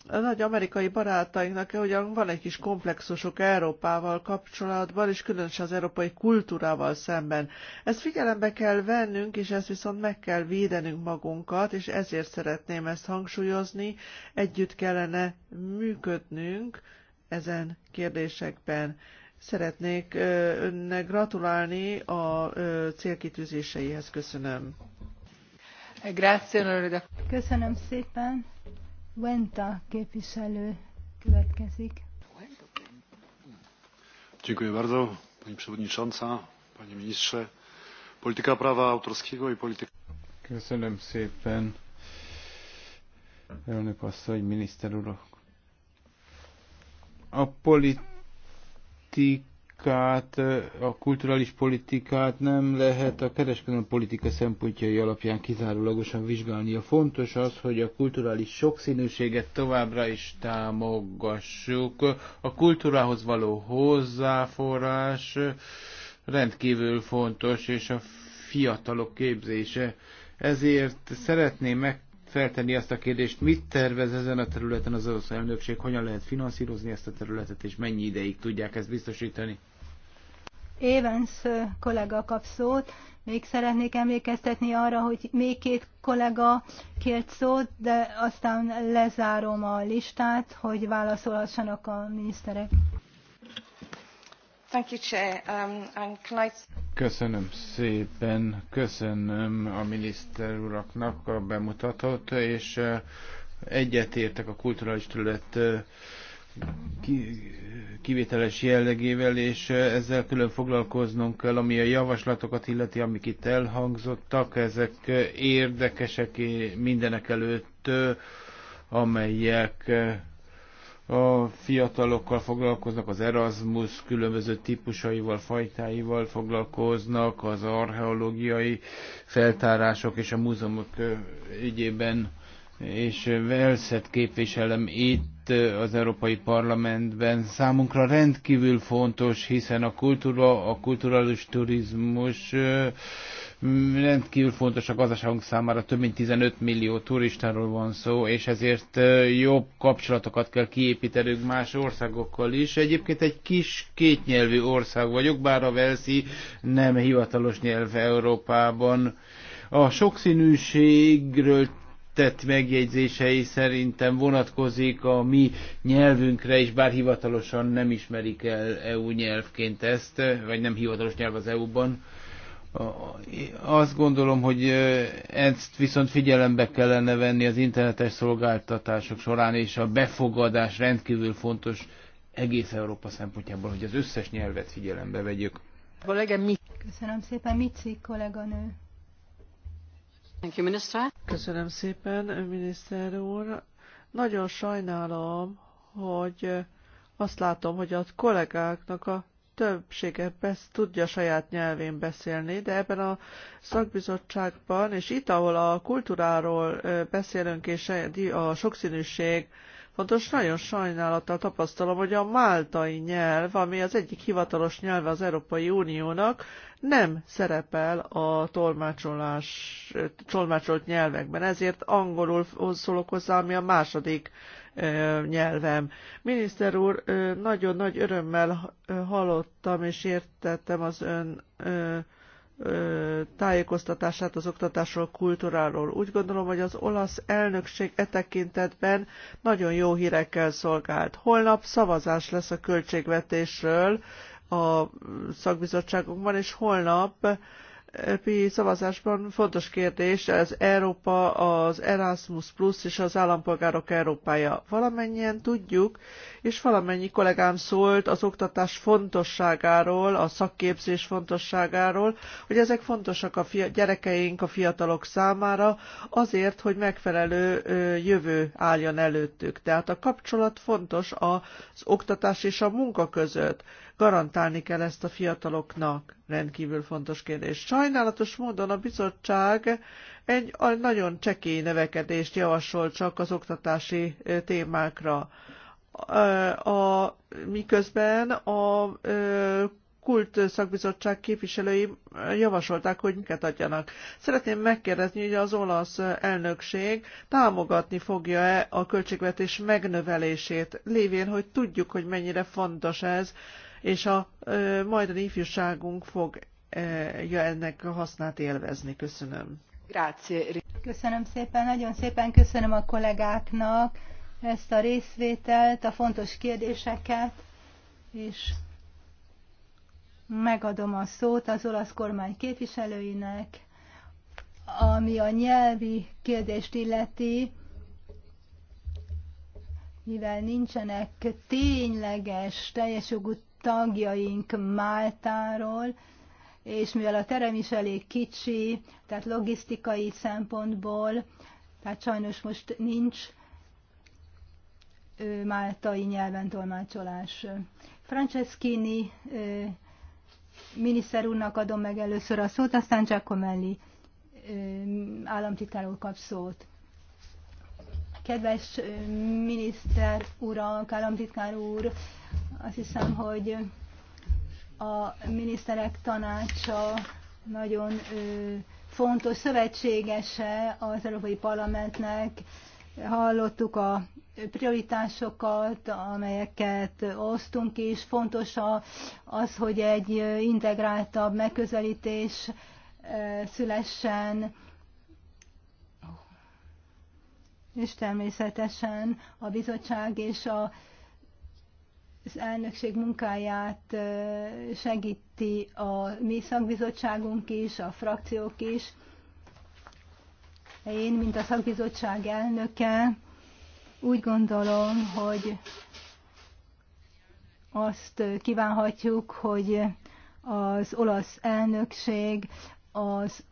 A nagy amerikai barátainknak ugyan van egy kis komplexusok Európával kapcsolatban, és különösen az európai kultúrával szemben. Ezt figyelembe kell vennünk, és ezt viszont meg kell védenünk magunkat, és ezért szeretném ezt hangsúlyozni. Együtt kellene működnünk ezen kérdésekben. Szeretnék önnek gratulálni a célkitűzéseihez. Köszönöm. Köszönöm szépen. Wenta képviselő következik. Dziękuję bardzo, pani przewodnicząca, panie ministrze. Polityka prawa autorskiego i polityka... Köszönöm szépen, elnök asszony, miniszter urak. A politika politikát, a kulturális politikát nem lehet a kereskedelmi politika szempontjai alapján kizárólagosan A Fontos az, hogy a kulturális sokszínűséget továbbra is támogassuk. A kultúrához való hozzáforrás rendkívül fontos, és a fiatalok képzése. Ezért szeretném meg feltenni azt a kérdést, mit tervez ezen a területen az orosz elnökség, hogyan lehet finanszírozni ezt a területet, és mennyi ideig tudják ezt biztosítani? Évens kollega kap szót. Még szeretnék emlékeztetni arra, hogy még két kollega kért szót, de aztán lezárom a listát, hogy válaszolhassanak a miniszterek. Thank you, Chair. Um, and can I... Köszönöm szépen, köszönöm a miniszter uraknak a bemutatót, és egyetértek a kulturális terület kivételes jellegével, és ezzel külön foglalkoznunk kell, ami a javaslatokat illeti, amik itt elhangzottak, ezek érdekesek mindenek előtt, amelyek a fiatalokkal foglalkoznak, az Erasmus különböző típusaival, fajtáival foglalkoznak, az archeológiai feltárások és a múzeumok ügyében, és Velszet képviselem itt az Európai Parlamentben. Számunkra rendkívül fontos, hiszen a kultúra, a kulturális turizmus rendkívül fontos a gazdaságunk számára, több mint 15 millió turistáról van szó, és ezért jobb kapcsolatokat kell kiépítenünk más országokkal is. Egyébként egy kis kétnyelvű ország vagyok, bár a Velszi nem hivatalos nyelv Európában. A sokszínűségről tett megjegyzései szerintem vonatkozik a mi nyelvünkre is, bár hivatalosan nem ismerik el EU nyelvként ezt, vagy nem hivatalos nyelv az EU-ban azt gondolom, hogy ezt viszont figyelembe kellene venni az internetes szolgáltatások során, és a befogadás rendkívül fontos egész Európa szempontjából, hogy az összes nyelvet figyelembe vegyük. Köszönöm szépen, Mici kolléganő. Köszönöm szépen, miniszter úr. Nagyon sajnálom, hogy azt látom, hogy a kollégáknak a többsége besz, tudja saját nyelvén beszélni, de ebben a szakbizottságban, és itt, ahol a kultúráról beszélünk, és a sokszínűség fontos, nagyon sajnálattal tapasztalom, hogy a máltai nyelv, ami az egyik hivatalos nyelve az Európai Uniónak, nem szerepel a tolmácsolás, tolmácsolt nyelvekben. Ezért angolul szólok hozzá, ami a második nyelvem. Miniszter úr, nagyon nagy örömmel hallottam és értettem az ön tájékoztatását az oktatásról, kultúráról. Úgy gondolom, hogy az olasz elnökség e tekintetben nagyon jó hírekkel szolgált. Holnap szavazás lesz a költségvetésről a szakbizottságunkban, és holnap EP szavazásban fontos kérdés, az Európa, az Erasmus Plus és az állampolgárok Európája. Valamennyien tudjuk, és valamennyi kollégám szólt az oktatás fontosságáról, a szakképzés fontosságáról, hogy ezek fontosak a fia- gyerekeink, a fiatalok számára, azért, hogy megfelelő jövő álljon előttük. Tehát a kapcsolat fontos az oktatás és a munka között garantálni kell ezt a fiataloknak. Rendkívül fontos kérdés. Sajnálatos módon a bizottság egy nagyon csekély növekedést javasol csak az oktatási témákra. A, miközben a kult szakbizottság képviselői javasolták, hogy miket adjanak. Szeretném megkérdezni, hogy az olasz elnökség támogatni fogja-e a költségvetés megnövelését, lévén, hogy tudjuk, hogy mennyire fontos ez és a majdani ifjúságunk fogja ennek a hasznát élvezni. Köszönöm. Grazie. Köszönöm szépen, nagyon szépen köszönöm a kollégáknak ezt a részvételt, a fontos kérdéseket, és megadom a szót az olasz kormány képviselőinek, ami a nyelvi kérdést illeti, mivel nincsenek tényleges, teljes jogú tagjaink Máltáról, és mivel a terem is elég kicsi, tehát logisztikai szempontból, tehát sajnos most nincs máltai nyelven tolmácsolás. Franceschini miniszter úrnak adom meg először a szót, aztán Giacomelli államtitkáról kap szót. Kedves miniszter urak, államtitkár úr, azt hiszem, hogy a miniszterek tanácsa nagyon fontos szövetségese az Európai Parlamentnek. Hallottuk a prioritásokat, amelyeket osztunk is. Fontos az, hogy egy integráltabb megközelítés szülessen, és természetesen a bizottság és a az elnökség munkáját segíti a mi szakbizottságunk is, a frakciók is. Én, mint a szakbizottság elnöke, úgy gondolom, hogy azt kívánhatjuk, hogy az olasz elnökség az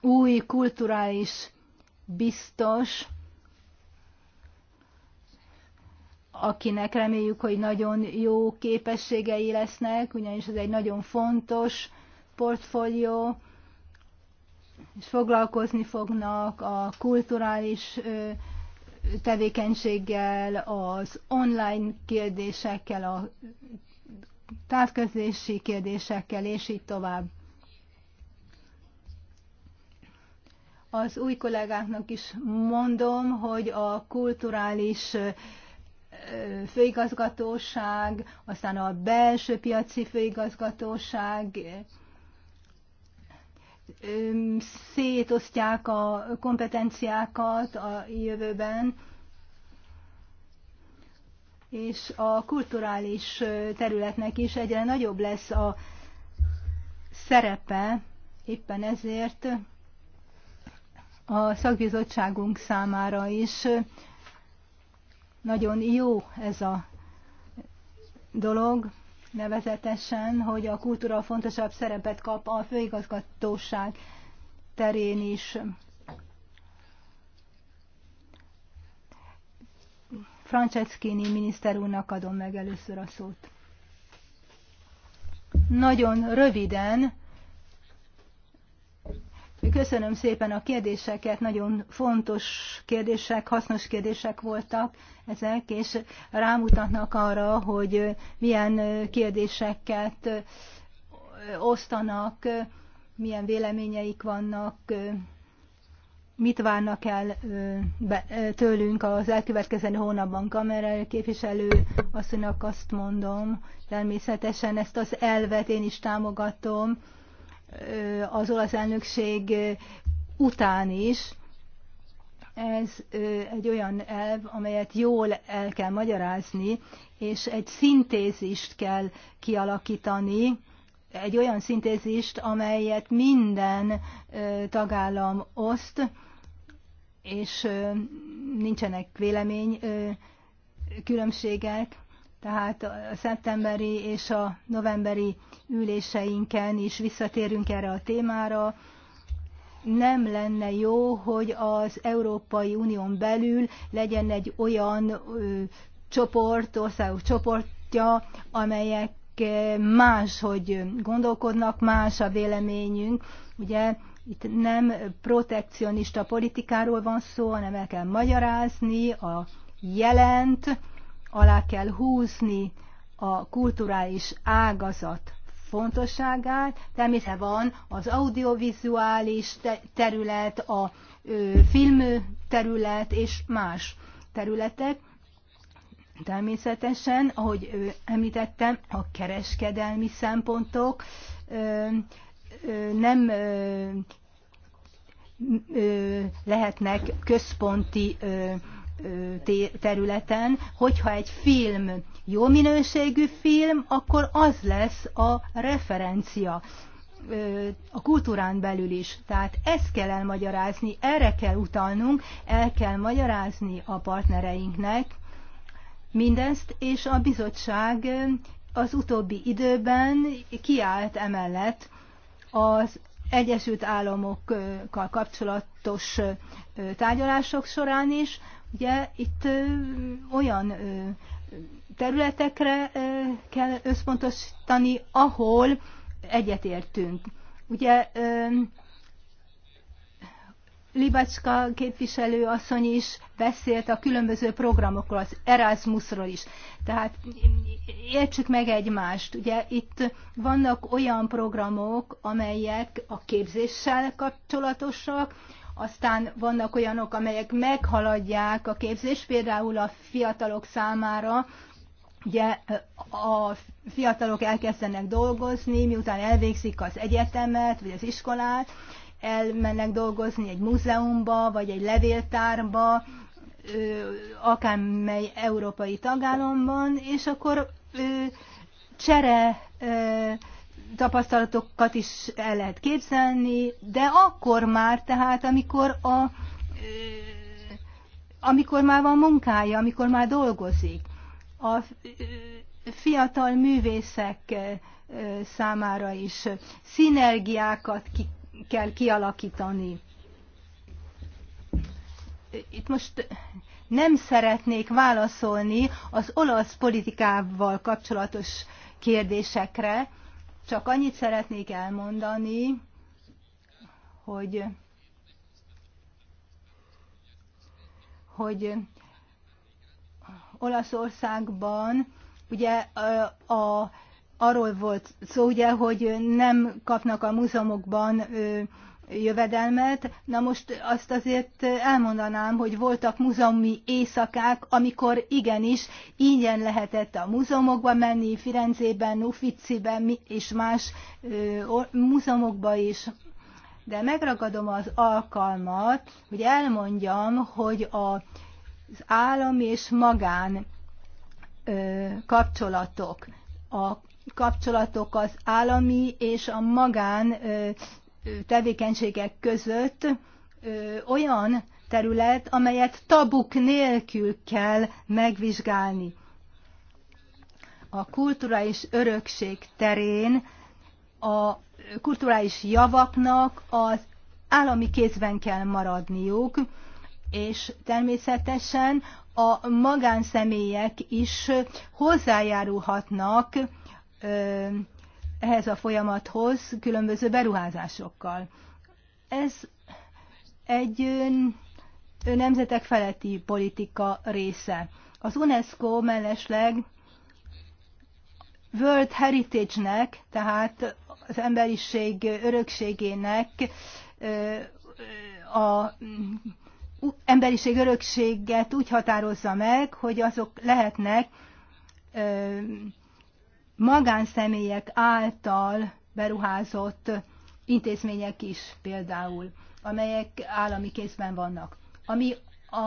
új kulturális biztos akinek reméljük, hogy nagyon jó képességei lesznek, ugyanis ez egy nagyon fontos portfólió, és foglalkozni fognak a kulturális tevékenységgel, az online kérdésekkel, a távközlési kérdésekkel, és így tovább. Az új kollégáknak is mondom, hogy a kulturális főigazgatóság, aztán a belső piaci főigazgatóság, szétosztják a kompetenciákat a jövőben, és a kulturális területnek is egyre nagyobb lesz a szerepe, éppen ezért a szakbizottságunk számára is nagyon jó ez a dolog, nevezetesen, hogy a kultúra fontosabb szerepet kap a főigazgatóság terén is. Franceschini miniszter úrnak adom meg először a szót. Nagyon röviden Köszönöm szépen a kérdéseket, nagyon fontos kérdések, hasznos kérdések voltak ezek, és rámutatnak arra, hogy milyen kérdéseket osztanak, milyen véleményeik vannak, mit várnak el tőlünk az elkövetkező hónapban kamera képviselő asszonynak azt mondom, természetesen ezt az elvet én is támogatom, az olasz elnökség után is. Ez egy olyan elv, amelyet jól el kell magyarázni, és egy szintézist kell kialakítani, egy olyan szintézist, amelyet minden tagállam oszt, és nincsenek vélemény különbségek tehát a szeptemberi és a novemberi üléseinken is visszatérünk erre a témára. Nem lenne jó, hogy az Európai Unión belül legyen egy olyan ö, csoport, országok csoportja, amelyek máshogy gondolkodnak, más a véleményünk. Ugye itt nem protekcionista politikáról van szó, hanem el kell magyarázni a jelent, alá kell húzni a kulturális ágazat fontosságát. Természetesen van az audiovizuális terület, a film terület és más területek. Természetesen, ahogy említettem, a kereskedelmi szempontok nem lehetnek központi területen, hogyha egy film jó minőségű film, akkor az lesz a referencia a kultúrán belül is. Tehát ezt kell elmagyarázni, erre kell utalnunk, el kell magyarázni a partnereinknek mindezt, és a bizottság az utóbbi időben kiállt emellett az Egyesült Államokkal kapcsolatos tárgyalások során is, Ugye itt olyan területekre kell összpontosítani, ahol egyetértünk. Ugye Libacska képviselő asszony is beszélt a különböző programokról, az Erasmusról is. Tehát értsük meg egymást. Ugye itt vannak olyan programok, amelyek a képzéssel kapcsolatosak, aztán vannak olyanok, amelyek meghaladják a képzést, például a fiatalok számára, ugye a fiatalok elkezdenek dolgozni, miután elvégzik az egyetemet, vagy az iskolát, elmennek dolgozni egy múzeumba, vagy egy levéltárba, akármely európai tagállamban, és akkor csere tapasztalatokat is el lehet képzelni, de akkor már, tehát amikor a amikor már van munkája, amikor már dolgozik. A fiatal művészek számára is szinergiákat ki kell kialakítani. Itt most nem szeretnék válaszolni az olasz politikával kapcsolatos kérdésekre, csak annyit szeretnék elmondani, hogy hogy Olaszországban ugye a, a, arról volt szó, ugye, hogy nem kapnak a múzeumokban jövedelmet. Na most azt azért elmondanám, hogy voltak múzeumi éjszakák, amikor igenis ingyen lehetett a múzeumokba menni, Firenzében, Uficiben és más múzeumokba is. De megragadom az alkalmat, hogy elmondjam, hogy az állam és magán kapcsolatok, a kapcsolatok az állami és a magán tevékenységek között olyan terület, amelyet tabuk nélkül kell megvizsgálni. A kulturális örökség terén a kulturális javaknak az állami kézben kell maradniuk, és természetesen a magánszemélyek is hozzájárulhatnak ehhez a folyamathoz különböző beruházásokkal. Ez egy nemzetek feletti politika része. Az UNESCO mellesleg World Heritage-nek, tehát az emberiség örökségének a emberiség örökséget úgy határozza meg, hogy azok lehetnek magánszemélyek által beruházott intézmények is például, amelyek állami kézben vannak. Ami a,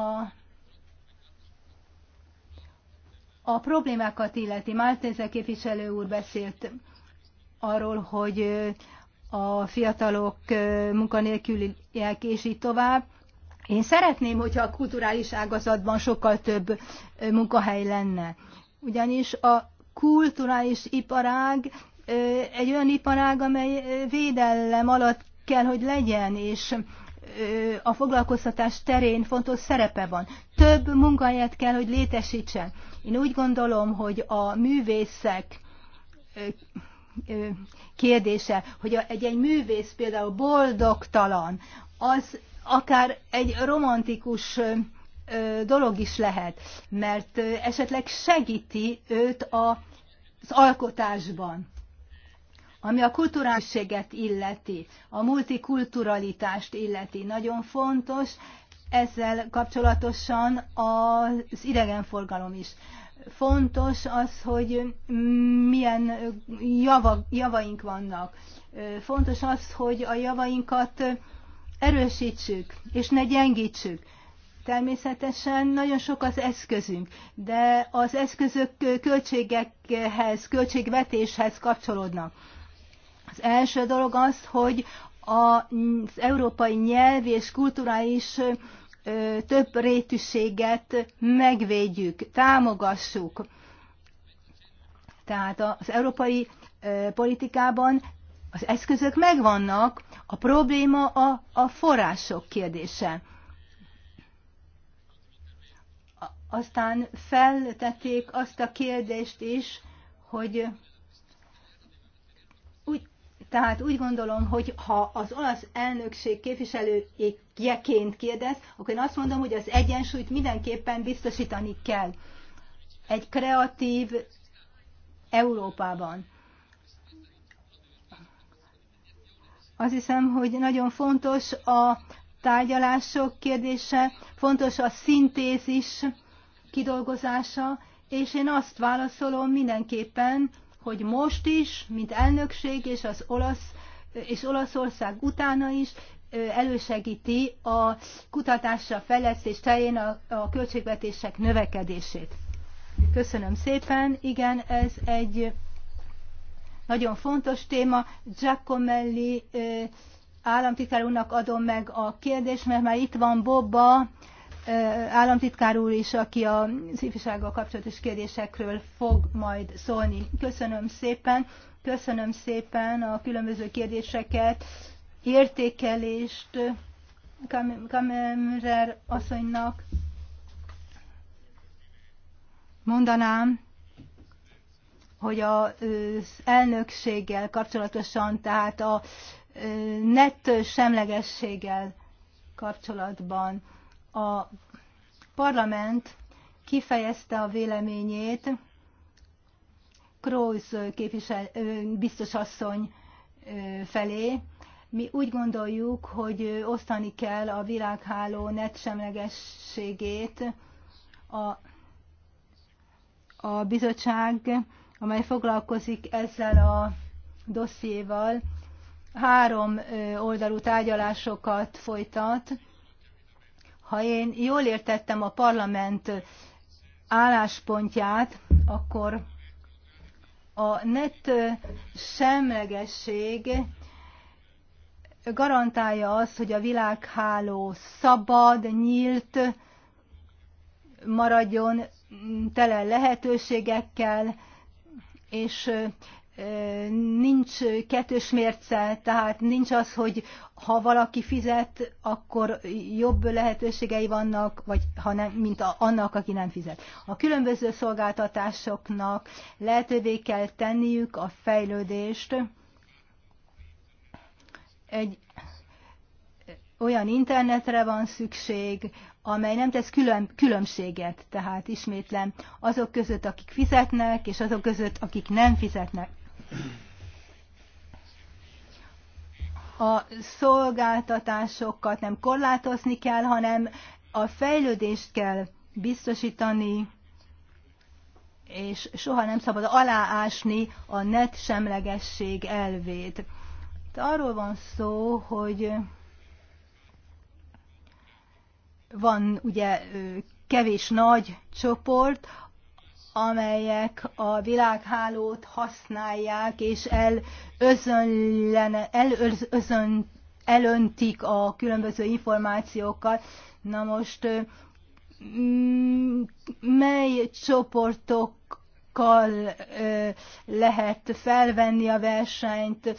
a problémákat illeti, Máltéze képviselő úr beszélt arról, hogy a fiatalok munkanélküliek és így tovább. Én szeretném, hogyha a kulturális ágazatban sokkal több munkahely lenne. Ugyanis a kulturális iparág egy olyan iparág, amely védelem alatt kell, hogy legyen, és a foglalkoztatás terén fontos szerepe van. Több munkahelyet kell, hogy létesítsen. Én úgy gondolom, hogy a művészek kérdése, hogy egy, egy művész például boldogtalan, az akár egy romantikus dolog is lehet, mert esetleg segíti őt az alkotásban. Ami a kulturálisséget illeti, a multikulturalitást illeti, nagyon fontos, ezzel kapcsolatosan az idegenforgalom is. Fontos az, hogy milyen java, javaink vannak. Fontos az, hogy a javainkat erősítsük, és ne gyengítsük Természetesen nagyon sok az eszközünk, de az eszközök költségekhez, költségvetéshez kapcsolódnak. Az első dolog az, hogy az európai nyelv és kulturális több rétűséget megvédjük, támogassuk. Tehát az európai politikában az eszközök megvannak, a probléma a, a források kérdése. Aztán feltették azt a kérdést is, hogy úgy, tehát úgy gondolom, hogy ha az olasz elnökség képviselőjeként kérdez, akkor én azt mondom, hogy az egyensúlyt mindenképpen biztosítani kell egy kreatív Európában. Azt hiszem, hogy nagyon fontos a tárgyalások kérdése, fontos a szintézis, kidolgozása, és én azt válaszolom mindenképpen, hogy most is, mint elnökség és az olasz és Olaszország utána is elősegíti a kutatásra fejlesztés terén a, a költségvetések növekedését. Köszönöm szépen. Igen, ez egy nagyon fontos téma. Giacomelli államtitkár úrnak adom meg a kérdést, mert már itt van Bobba, államtitkár úr is, aki a ifjúsággal kapcsolatos kérdésekről fog majd szólni. Köszönöm szépen, köszönöm szépen a különböző kérdéseket, értékelést Kamerer asszonynak mondanám, hogy az elnökséggel kapcsolatosan, tehát a nettő semlegességgel kapcsolatban a parlament kifejezte a véleményét Krósz képvisel, biztosasszony felé. Mi úgy gondoljuk, hogy osztani kell a világháló netsemlegességét a, a bizottság, amely foglalkozik ezzel a dossziéval, három oldalú tárgyalásokat folytat, ha én jól értettem a parlament álláspontját, akkor a net semlegesség garantálja azt, hogy a világháló szabad, nyílt maradjon, tele lehetőségekkel, és nincs kettős mérce, tehát nincs az, hogy ha valaki fizet, akkor jobb lehetőségei vannak, vagy ha nem, mint annak, aki nem fizet. A különböző szolgáltatásoknak lehetővé kell tenniük a fejlődést egy olyan internetre van szükség, amely nem tesz külön, különbséget, tehát ismétlem, azok között, akik fizetnek, és azok között, akik nem fizetnek a szolgáltatásokat nem korlátozni kell, hanem a fejlődést kell biztosítani, és soha nem szabad aláásni a net semlegesség elvét. De arról van szó, hogy van ugye kevés nagy csoport, amelyek a világhálót használják, és el özönlene, elöntik a különböző információkat. Na most mely csoportokkal lehet felvenni a versenyt,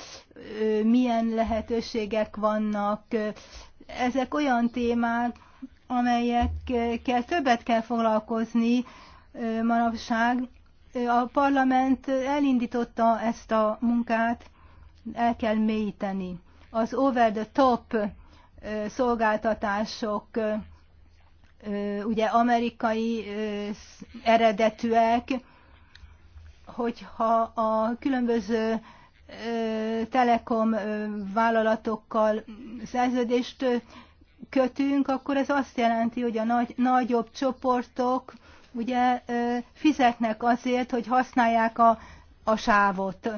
milyen lehetőségek vannak. Ezek olyan témák, amelyekkel többet kell foglalkozni, manapság. A parlament elindította ezt a munkát, el kell mélyíteni. Az over the top szolgáltatások ugye amerikai eredetűek, hogyha a különböző telekom vállalatokkal szerződést kötünk, akkor ez azt jelenti, hogy a nagy, nagyobb csoportok ugye fizetnek azért, hogy használják a, a sávot.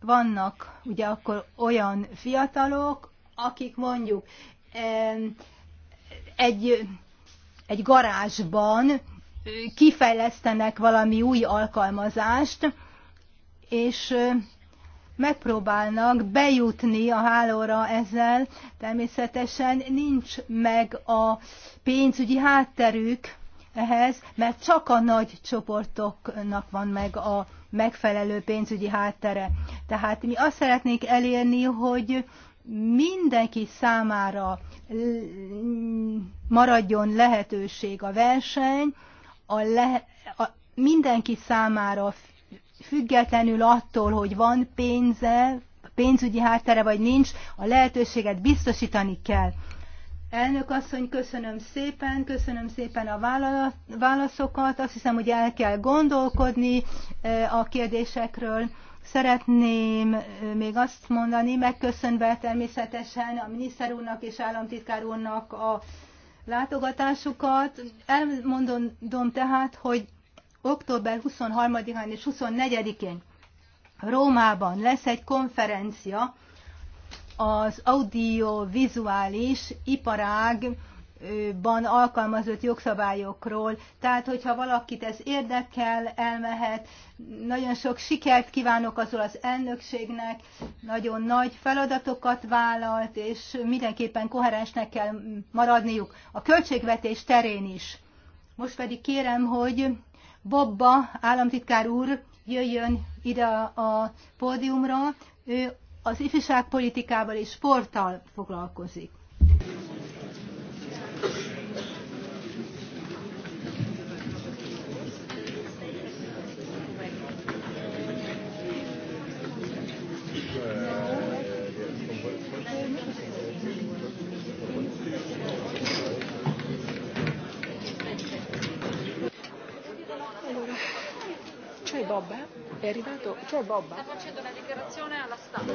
Vannak ugye akkor olyan fiatalok, akik mondjuk egy, egy garázsban kifejlesztenek valami új alkalmazást, és megpróbálnak bejutni a hálóra ezzel, természetesen nincs meg a pénzügyi hátterük ehhez, mert csak a nagy csoportoknak van meg a megfelelő pénzügyi háttere. Tehát mi azt szeretnénk elérni, hogy mindenki számára maradjon lehetőség a verseny, a, le, a mindenki számára függetlenül attól, hogy van pénze, pénzügyi háttere vagy nincs, a lehetőséget biztosítani kell. Elnök asszony, köszönöm szépen, köszönöm szépen a válaszokat. Azt hiszem, hogy el kell gondolkodni e, a kérdésekről. Szeretném e, még azt mondani, megköszönve természetesen a miniszter úrnak és államtitkár úrnak a látogatásukat. Elmondom tehát, hogy október 23-án és 24-én Rómában lesz egy konferencia az audiovizuális iparágban alkalmazott jogszabályokról. Tehát, hogyha valakit ez érdekel, elmehet. Nagyon sok sikert kívánok azon az elnökségnek, nagyon nagy feladatokat vállalt, és mindenképpen koherensnek kell maradniuk a költségvetés terén is. Most pedig kérem, hogy Bobba államtitkár úr jöjjön ide a pódiumra, ő az ifjúságpolitikával és sporttal foglalkozik. È arrivato, c'è Bobba. Sta facendo una dichiarazione alla stampa.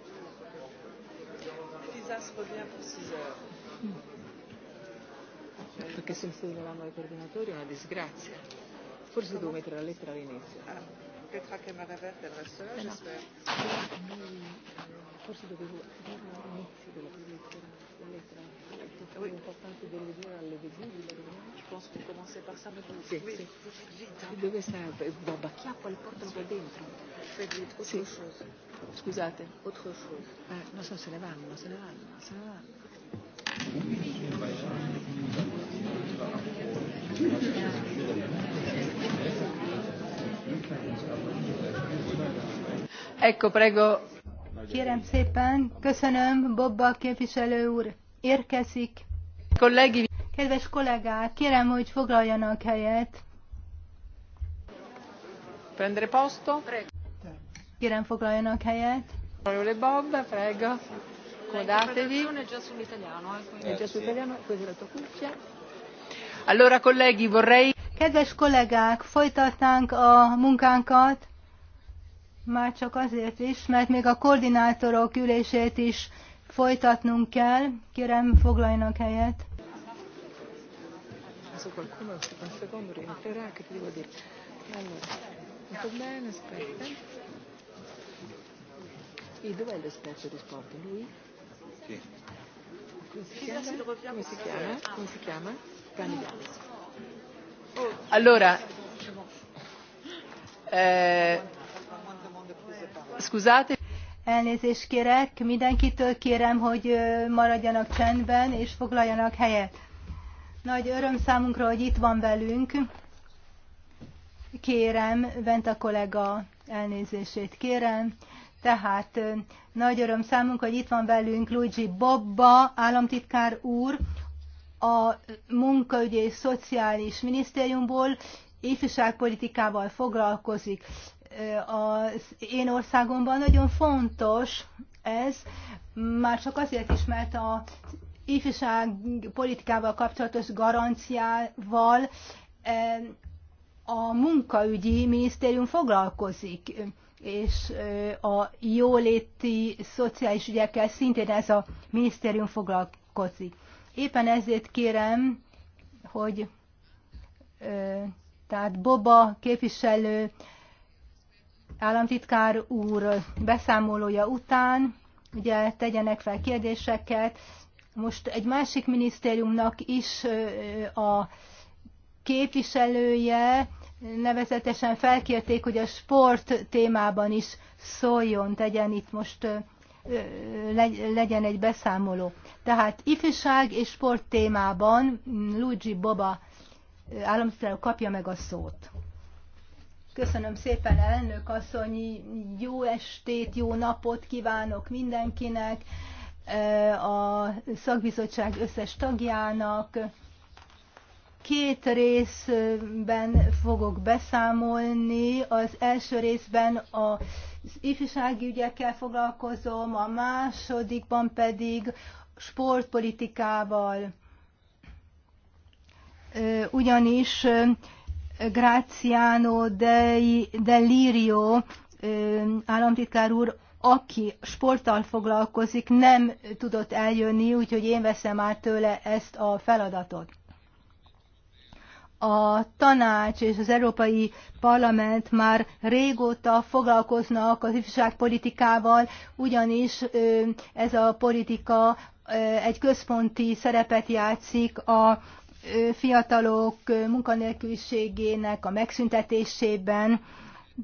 Staes revient pour 6 heures. Mm. Perché se insegneranno ai coordinatori è una disgrazia. Forse devo mettere la lettera all'inizio. Ah. Petra eh no. Forse dovevo darla all'inizio della lettera. Oui. L'important, de le dire à l'église. Je pense que commencer par ça, mais vous un dentro. autre chose. Scusate. Autre chose. Eh, non se vanno, se vanno, se vanno. Ecco, prego. Kérem szépen, köszönöm, Bobba képviselő úr érkezik colleghi. Kedves kollégák, kérem, hogy foglaljanak helyet. Prendere posto? Kérem, foglaljanak helyet. Onorevole Bob, prego. Accomodatevi. Eh, allora, colleghi, vorrei... Kedves kollégák, folytatnánk a munkánkat. Már csak azért is, mert még a koordinátorok ülését is folytatnunk kell. Kérem, foglaljanak helyet caso qualcuno un secondo rientrerà che ti devo dire. Allora, tutto bene, aspetta. E dov'è l'esperto di sport? Lui? Sì. Come si chiama? Ah. Come si chiama? Come si chiama? Allora, eh, scusate. Elnézést kérek, mindenkitől kérem, hogy maradjanak csendben és foglaljanak helyet. Nagy öröm számunkra, hogy itt van velünk. Kérem, bent a kollega elnézését kérem. Tehát nagy öröm számunkra, hogy itt van velünk Luigi Bobba, államtitkár úr, a munkaügyi és szociális minisztériumból ifjúságpolitikával foglalkozik. Az én országomban nagyon fontos ez, már csak azért is, mert a ifjúság politikával kapcsolatos garanciával eh, a munkaügyi minisztérium foglalkozik, és eh, a jóléti szociális ügyekkel szintén ez a minisztérium foglalkozik. Éppen ezért kérem, hogy eh, tehát Boba képviselő államtitkár úr beszámolója után ugye tegyenek fel kérdéseket, most egy másik minisztériumnak is a képviselője nevezetesen felkérték, hogy a sport témában is szóljon, tegyen itt most legyen egy beszámoló. Tehát ifjúság és sport témában Luigi Boba államtitkár kapja meg a szót. Köszönöm szépen, elnök asszony, jó estét, jó napot kívánok mindenkinek a szakbizottság összes tagjának. Két részben fogok beszámolni. Az első részben az ifjúsági ügyekkel foglalkozom, a másodikban pedig sportpolitikával. Ugyanis Graziano Delirio államtitkár úr aki sporttal foglalkozik, nem tudott eljönni, úgyhogy én veszem át tőle ezt a feladatot. A tanács és az Európai Parlament már régóta foglalkoznak az ifjúságpolitikával, ugyanis ez a politika egy központi szerepet játszik a fiatalok munkanélküliségének a megszüntetésében,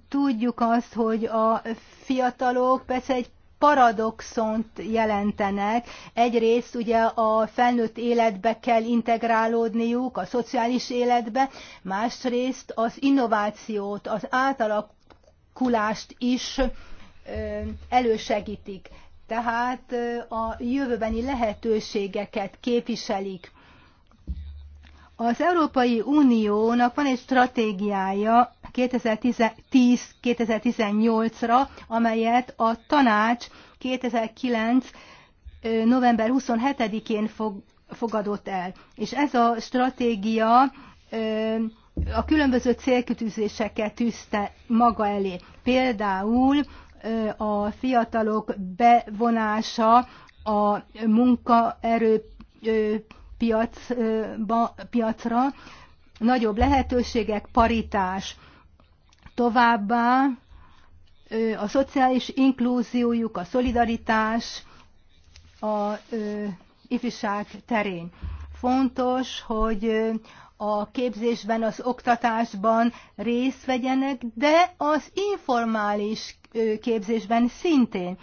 Tudjuk azt, hogy a fiatalok persze egy paradoxont jelentenek. Egyrészt ugye a felnőtt életbe kell integrálódniuk, a szociális életbe, másrészt az innovációt, az átalakulást is elősegítik. Tehát a jövőbeni lehetőségeket képviselik. Az Európai Uniónak van egy stratégiája 2010-2018-ra, amelyet a tanács 2009. november 27-én fog, fogadott el. És ez a stratégia a különböző célkütűzéseket tűzte maga elé. Például a fiatalok bevonása a munkaerő piacra, nagyobb lehetőségek, paritás, Továbbá a szociális inklúziójuk, a szolidaritás, a ifjúság terén. Fontos, hogy a képzésben, az oktatásban részt vegyenek, de az informális képzésben szintén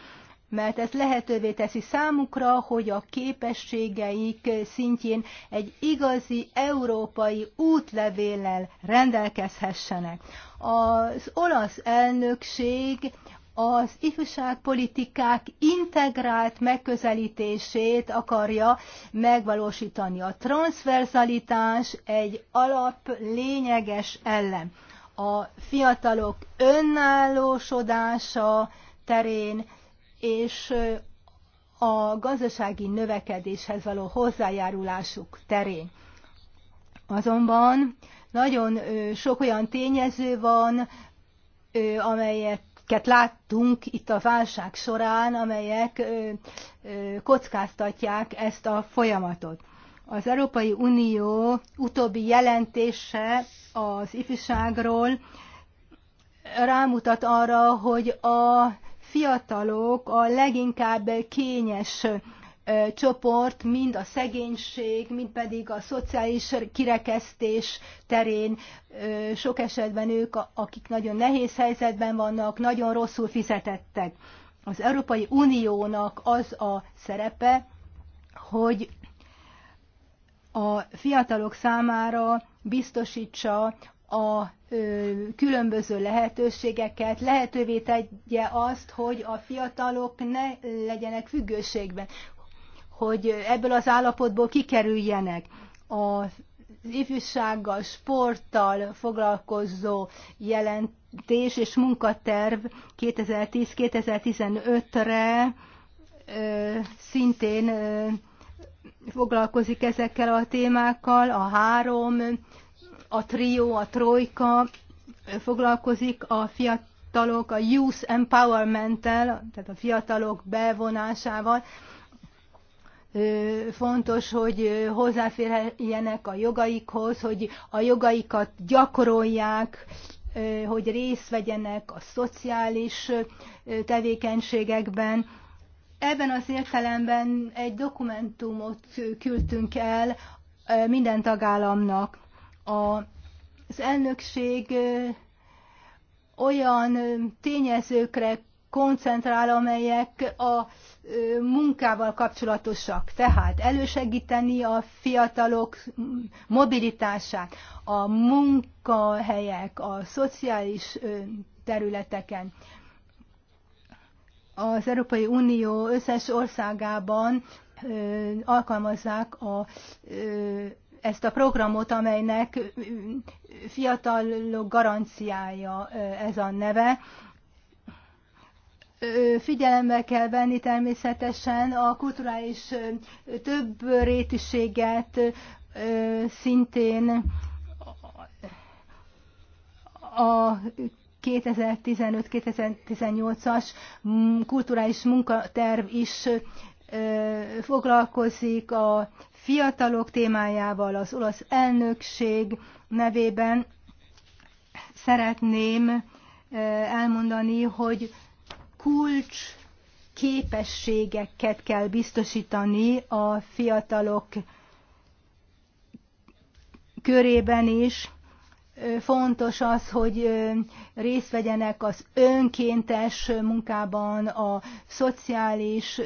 mert ez lehetővé teszi számukra, hogy a képességeik szintjén egy igazi európai útlevéllel rendelkezhessenek. Az olasz elnökség az ifjúságpolitikák integrált megközelítését akarja megvalósítani. A transverzalitás egy alap lényeges ellen. A fiatalok önállósodása terén és a gazdasági növekedéshez való hozzájárulásuk terén. Azonban nagyon sok olyan tényező van, amelyeket láttunk itt a válság során, amelyek kockáztatják ezt a folyamatot. Az Európai Unió utóbbi jelentése az ifjúságról rámutat arra, hogy a fiatalok a leginkább kényes csoport, mind a szegénység, mind pedig a szociális kirekesztés terén. Sok esetben ők, akik nagyon nehéz helyzetben vannak, nagyon rosszul fizetettek. Az Európai Uniónak az a szerepe, hogy a fiatalok számára biztosítsa a különböző lehetőségeket, lehetővé tegye azt, hogy a fiatalok ne legyenek függőségben, hogy ebből az állapotból kikerüljenek. A ifjúsággal, sporttal foglalkozó jelentés és munkaterv 2010-2015-re szintén foglalkozik ezekkel a témákkal, a három a trió, a trojka foglalkozik a fiatalok, a youth empowerment-tel, tehát a fiatalok bevonásával. Fontos, hogy hozzáférjenek a jogaikhoz, hogy a jogaikat gyakorolják, hogy részt vegyenek a szociális tevékenységekben. Ebben az értelemben egy dokumentumot küldtünk el minden tagállamnak az elnökség olyan tényezőkre koncentrál, amelyek a munkával kapcsolatosak. Tehát elősegíteni a fiatalok mobilitását, a munkahelyek, a szociális területeken. Az Európai Unió összes országában alkalmazzák a ezt a programot, amelynek fiatalok garanciája ez a neve. Figyelembe kell venni természetesen a kulturális több rétiséget szintén a 2015-2018-as kulturális munkaterv is foglalkozik a fiatalok témájával az olasz elnökség nevében szeretném eh, elmondani, hogy kulcs képességeket kell biztosítani a fiatalok körében is. Fontos az, hogy részt vegyenek az önkéntes munkában, a szociális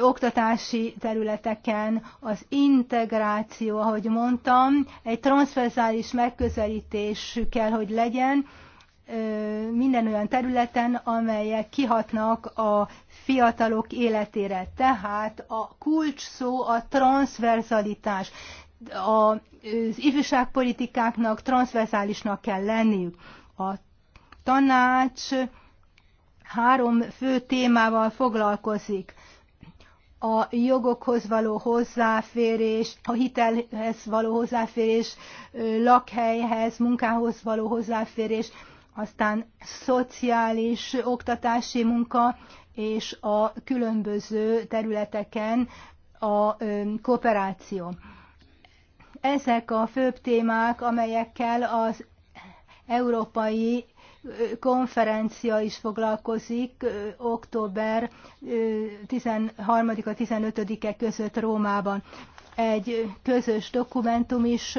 oktatási területeken, az integráció, ahogy mondtam, egy transzverzális megközelítés kell, hogy legyen minden olyan területen, amelyek kihatnak a fiatalok életére. Tehát a kulcs szó a transzverzalitás. Az ifjúságpolitikáknak transzverzálisnak kell lenniük. A tanács három fő témával foglalkozik a jogokhoz való hozzáférés, a hitelhez való hozzáférés, lakhelyhez, munkához való hozzáférés, aztán szociális oktatási munka, és a különböző területeken a kooperáció. Ezek a főbb témák, amelyekkel az Európai konferencia is foglalkozik október 13 15-e között Rómában. Egy közös dokumentum is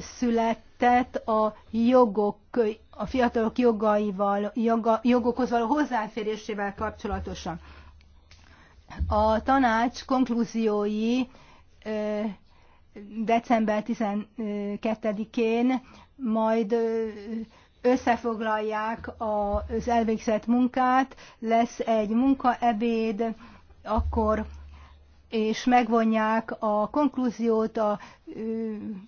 született a jogok, a fiatalok jogaival, joga, jogokhoz való hozzáférésével kapcsolatosan. A tanács konklúziói december 12-én majd összefoglalják az elvégzett munkát, lesz egy munkaebéd, akkor és megvonják a konklúziót a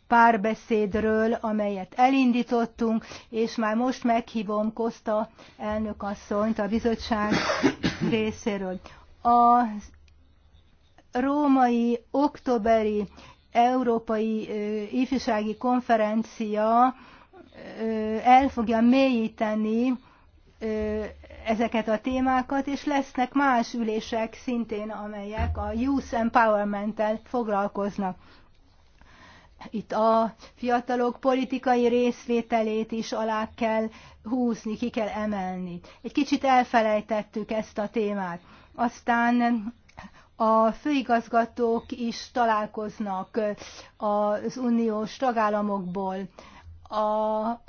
párbeszédről, amelyet elindítottunk, és már most meghívom Koszta elnökasszonyt a bizottság részéről. A római októberi európai ifjúsági konferencia el fogja mélyíteni ezeket a témákat, és lesznek más ülések szintén, amelyek a Youth Empowerment-tel foglalkoznak. Itt a fiatalok politikai részvételét is alá kell húzni, ki kell emelni. Egy kicsit elfelejtettük ezt a témát. Aztán a főigazgatók is találkoznak az uniós tagállamokból a,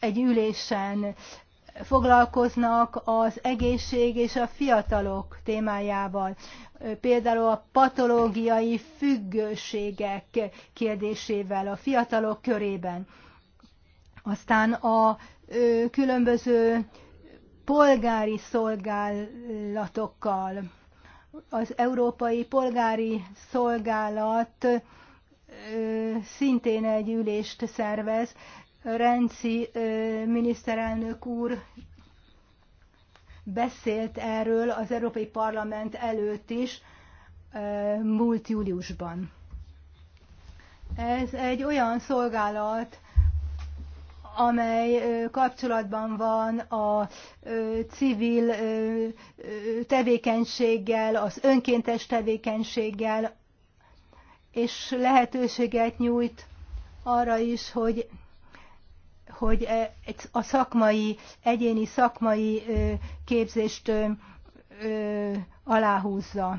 egy ülésen foglalkoznak az egészség és a fiatalok témájával, például a patológiai függőségek kérdésével a fiatalok körében. Aztán a különböző polgári szolgálatokkal. Az Európai Polgári Szolgálat szintén egy ülést szervez. Renci miniszterelnök úr beszélt erről az Európai Parlament előtt is múlt júliusban. Ez egy olyan szolgálat, amely kapcsolatban van a civil tevékenységgel, az önkéntes tevékenységgel, és lehetőséget nyújt arra is, hogy hogy e, a szakmai, egyéni szakmai képzést aláhúzza.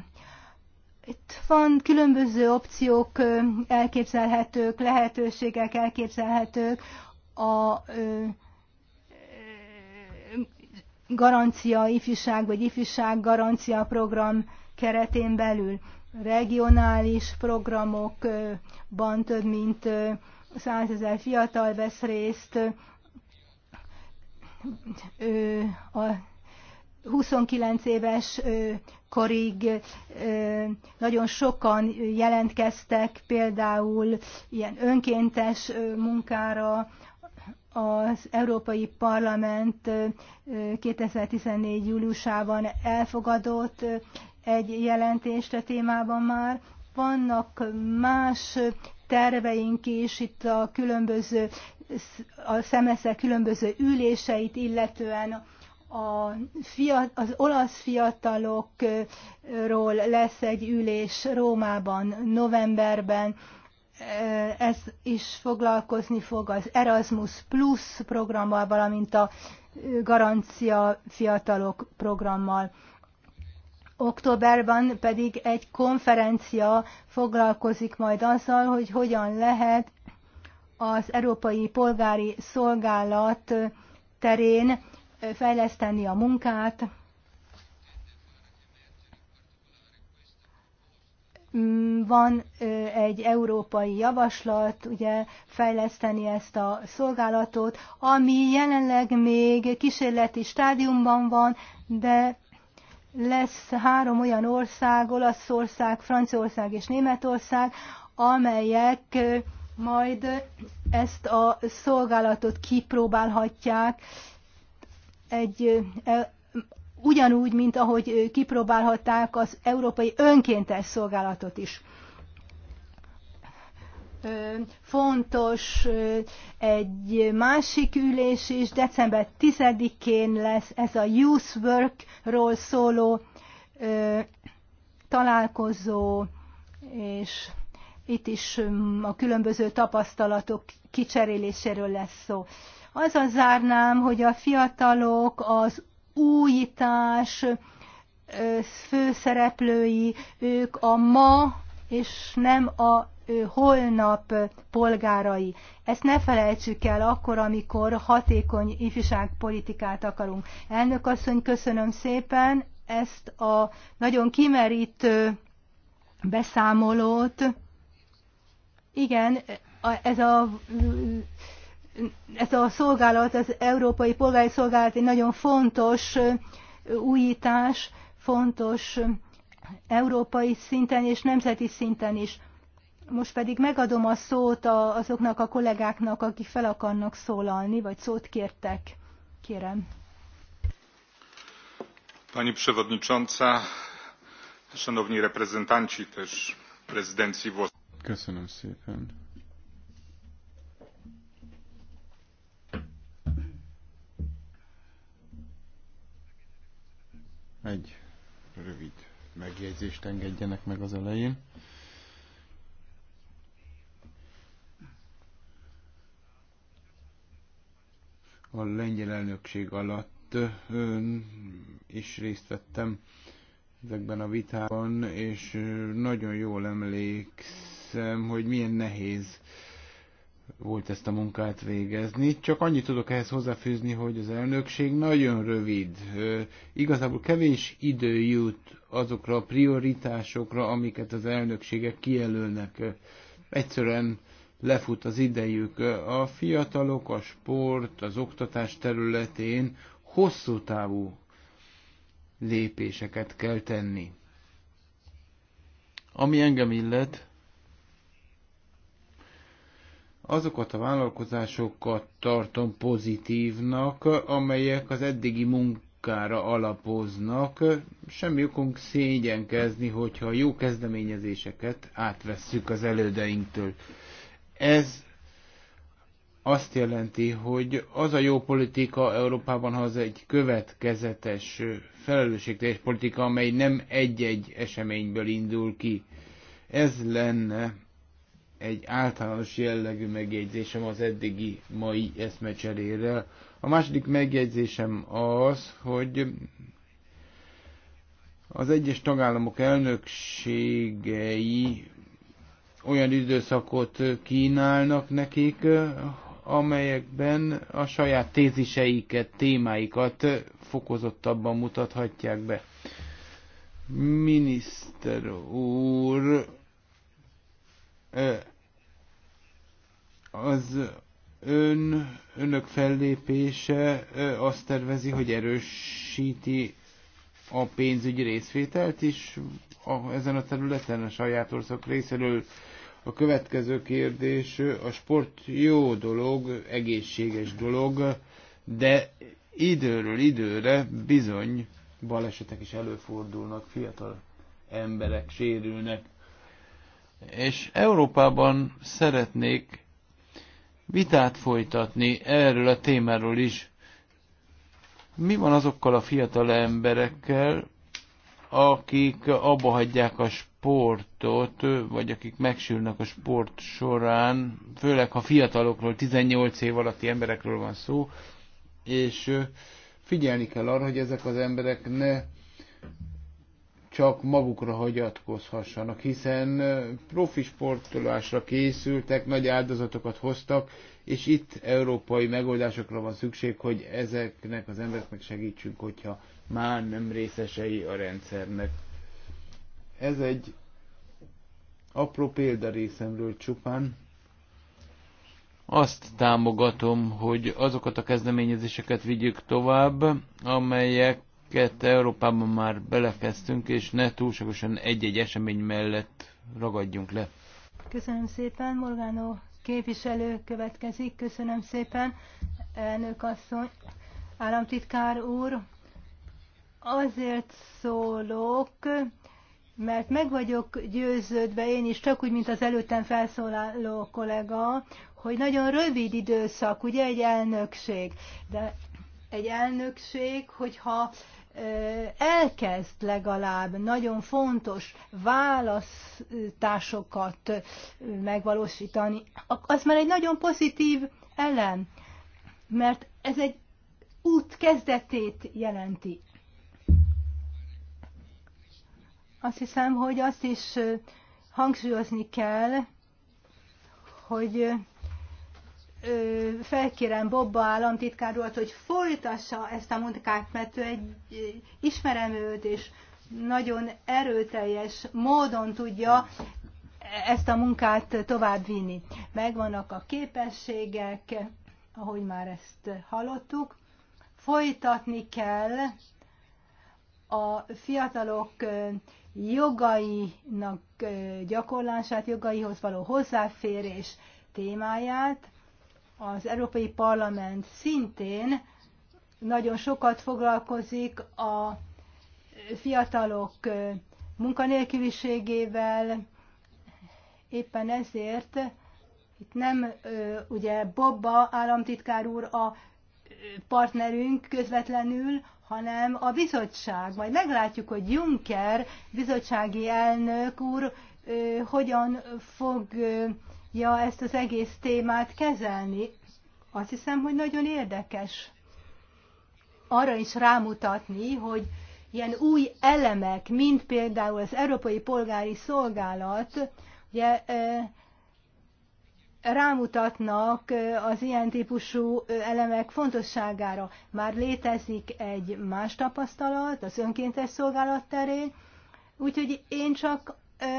Itt van különböző opciók elképzelhetők, lehetőségek elképzelhetők, a garancia, ifjúság vagy ifjúság garancia program keretén belül regionális programokban több mint ezer fiatal vesz részt. A 29 éves korig nagyon sokan jelentkeztek például ilyen önkéntes munkára, az Európai Parlament 2014. júliusában elfogadott egy jelentést a e témában már. Vannak más terveink is itt a különböző, a szemeszek különböző üléseit illetően a fiat, az olasz fiatalokról lesz egy ülés Rómában novemberben, ez is foglalkozni fog az Erasmus Plus programmal, valamint a Garancia Fiatalok programmal. Októberben pedig egy konferencia foglalkozik majd azzal, hogy hogyan lehet az Európai Polgári Szolgálat terén fejleszteni a munkát. Van egy európai javaslat, ugye fejleszteni ezt a szolgálatot, ami jelenleg még kísérleti stádiumban van, de lesz három olyan ország, Olaszország, Franciaország és Németország, amelyek majd ezt a szolgálatot kipróbálhatják egy ugyanúgy, mint ahogy kipróbálhatták az európai önkéntes szolgálatot is fontos egy másik ülés is, december 10-én lesz ez a Youth Work-ról szóló találkozó, és itt is a különböző tapasztalatok kicseréléséről lesz szó. Az a zárnám, hogy a fiatalok az újítás főszereplői, ők a ma és nem a holnap polgárai. Ezt ne felejtsük el akkor, amikor hatékony ifjúságpolitikát akarunk. Elnök asszony, köszönöm szépen ezt a nagyon kimerítő beszámolót. Igen, ez a ez a szolgálat, az Európai Polgári Szolgálat egy nagyon fontos újítás, fontos európai szinten és nemzeti szinten is. Most pedig megadom a szót azoknak a kollégáknak, akik fel akarnak szólalni, vagy szót kértek. Kérem. Pani Przewodnicząca, Szanowni Reprezentanci też Prezydencji Włoskiej. Köszönöm szépen. Egy rövid megjegyzést engedjenek meg az elején. a lengyel elnökség alatt is részt vettem ezekben a vitában, és nagyon jól emlékszem, hogy milyen nehéz volt ezt a munkát végezni. Csak annyit tudok ehhez hozzáfűzni, hogy az elnökség nagyon rövid. Igazából kevés idő jut azokra a prioritásokra, amiket az elnökségek kijelölnek. Egyszerűen lefut az idejük. A fiatalok a sport, az oktatás területén hosszú távú lépéseket kell tenni. Ami engem illet, azokat a vállalkozásokat tartom pozitívnak, amelyek az eddigi munkára alapoznak. Semmi okunk szégyenkezni, hogyha jó kezdeményezéseket átvesszük az elődeinktől. Ez azt jelenti, hogy az a jó politika Európában, ha az egy következetes, felelősségteljes politika, amely nem egy-egy eseményből indul ki. Ez lenne egy általános jellegű megjegyzésem az eddigi mai eszmecserére. A második megjegyzésem az, hogy az egyes tagállamok elnökségei olyan időszakot kínálnak nekik, amelyekben a saját téziseiket, témáikat fokozottabban mutathatják be. Miniszter úr, az ön, önök fellépése azt tervezi, hogy erősíti a pénzügyi részvételt is a, ezen a területen, a saját ország részéről a következő kérdés, a sport jó dolog, egészséges dolog, de időről időre bizony balesetek is előfordulnak, fiatal emberek sérülnek. És Európában szeretnék vitát folytatni erről a témáról is. Mi van azokkal a fiatal emberekkel, akik abba hagyják a sportot, vagy akik megsülnek a sport során, főleg ha fiatalokról, 18 év alatti emberekről van szó, és figyelni kell arra, hogy ezek az emberek ne csak magukra hagyatkozhassanak, hiszen profi sportolásra készültek, nagy áldozatokat hoztak, és itt európai megoldásokra van szükség, hogy ezeknek az embereknek segítsünk, hogyha már nem részesei a rendszernek. Ez egy apró példa részemről csupán. Azt támogatom, hogy azokat a kezdeményezéseket vigyük tovább, amelyek Európában már belekezdtünk, és ne túlságosan egy-egy esemény mellett ragadjunk le. Köszönöm szépen, Morgánó képviselő következik. Köszönöm szépen, elnök asszony, államtitkár úr. Azért szólok, mert meg vagyok győződve én is, csak úgy, mint az előttem felszólaló kollega, hogy nagyon rövid időszak, ugye egy elnökség, de egy elnökség, hogyha elkezd legalább nagyon fontos választásokat megvalósítani, az már egy nagyon pozitív elem, mert ez egy út kezdetét jelenti. Azt hiszem, hogy azt is hangsúlyozni kell, hogy felkérem Bobba államtitkár volt, hogy folytassa ezt a munkát, mert ő egy ismerem őt, és nagyon erőteljes módon tudja ezt a munkát továbbvinni. Megvannak a képességek, ahogy már ezt hallottuk. Folytatni kell a fiatalok jogainak gyakorlását, jogaihoz való hozzáférés témáját az Európai Parlament szintén nagyon sokat foglalkozik a fiatalok munkanélküliségével, éppen ezért itt nem ugye Bobba államtitkár úr a partnerünk közvetlenül, hanem a bizottság. Majd meglátjuk, hogy Juncker bizottsági elnök úr hogyan fog ja ezt az egész témát kezelni. Azt hiszem, hogy nagyon érdekes arra is rámutatni, hogy ilyen új elemek, mint például az Európai Polgári Szolgálat, ugye rámutatnak az ilyen típusú elemek fontosságára. Már létezik egy más tapasztalat az önkéntes szolgálat terén, úgyhogy én csak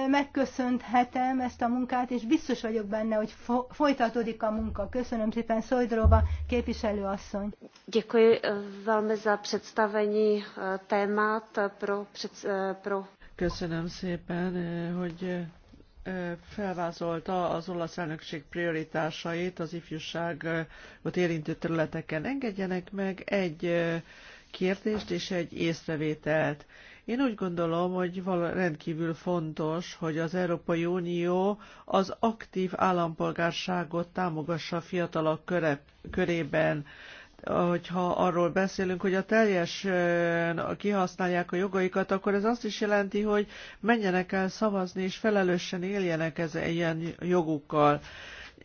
megköszönhetem ezt a munkát, és biztos vagyok benne, hogy fo folytatódik a munka. Köszönöm szépen Szojdrova képviselőasszony. Děkuji eh, velmi za představení eh, eh, pro, pro... Köszönöm szépen, hogy felvázolta az olasz elnökség prioritásait az ifjúságot érintő területeken. Engedjenek meg egy kérdést és egy észrevételt. Én úgy gondolom, hogy rendkívül fontos, hogy az Európai Unió az aktív állampolgárságot támogassa a fiatalok köre, körében hogyha arról beszélünk, hogy a teljes kihasználják a jogaikat, akkor ez azt is jelenti, hogy menjenek el szavazni, és felelősen éljenek ez ilyen jogukkal.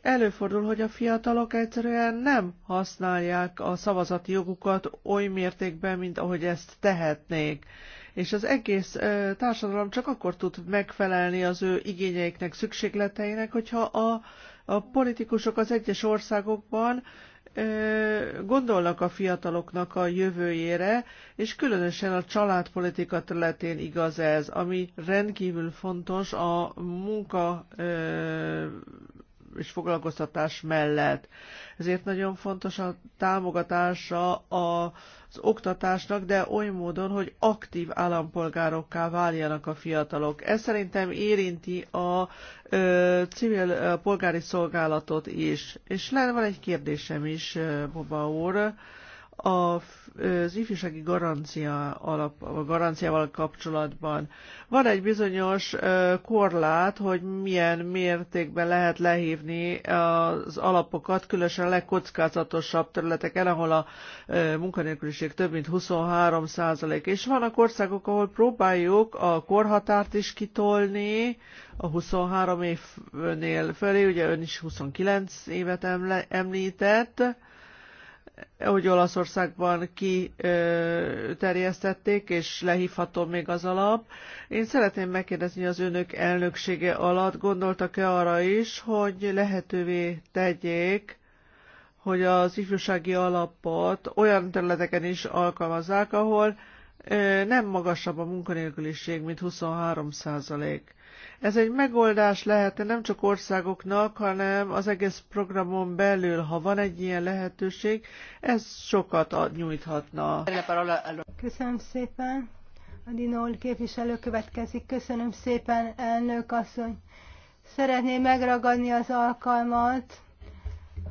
Előfordul, hogy a fiatalok egyszerűen nem használják a szavazati jogukat oly mértékben, mint ahogy ezt tehetnék és az egész társadalom csak akkor tud megfelelni az ő igényeiknek, szükségleteinek, hogyha a, a politikusok az egyes országokban gondolnak a fiataloknak a jövőjére, és különösen a családpolitika területén igaz ez, ami rendkívül fontos a munka és foglalkoztatás mellett. Ezért nagyon fontos a támogatása az oktatásnak, de oly módon, hogy aktív állampolgárokká váljanak a fiatalok. Ez szerintem érinti a ö, civil ö, polgári szolgálatot is. És lenne van egy kérdésem is, Boba úr. Ö, az ifjúsági garancia alap, a garanciával kapcsolatban. Van egy bizonyos korlát, hogy milyen mértékben lehet lehívni az alapokat, különösen a legkockázatosabb területeken, ahol a munkanélküliség több mint 23 százalék. És vannak országok, ahol próbáljuk a korhatárt is kitolni, a 23 évnél fölé, ugye ön is 29 évet említett, hogy Olaszországban kiterjesztették, és lehívható még az alap. Én szeretném megkérdezni, az önök elnöksége alatt gondoltak-e arra is, hogy lehetővé tegyék, hogy az ifjúsági alapot olyan területeken is alkalmazzák, ahol nem magasabb a munkanélküliség, mint 23 százalék. Ez egy megoldás lehetne nem csak országoknak, hanem az egész programon belül, ha van egy ilyen lehetőség, ez sokat ad, nyújthatna. Köszönöm szépen. A Dinol képviselő következik. Köszönöm szépen, elnök asszony. Szeretném megragadni az alkalmat,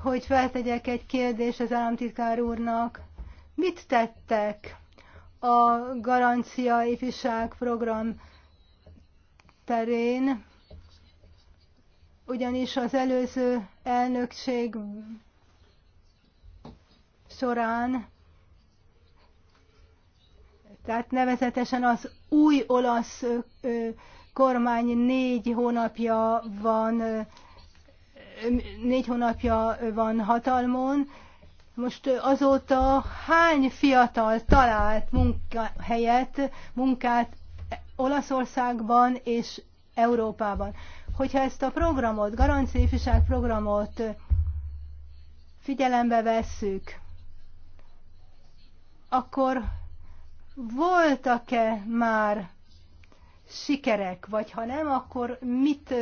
hogy feltegyek egy kérdést az államtitkár úrnak. Mit tettek a garancia ifjúság program terén, ugyanis az előző elnökség során, tehát nevezetesen az új olasz kormány négy hónapja van, négy hónapja van hatalmon, most azóta hány fiatal talált munkahelyet, munkát Olaszországban és Európában. Hogyha ezt a programot, garanciifság programot figyelembe vesszük, akkor voltak-e már sikerek, vagy ha nem, akkor mit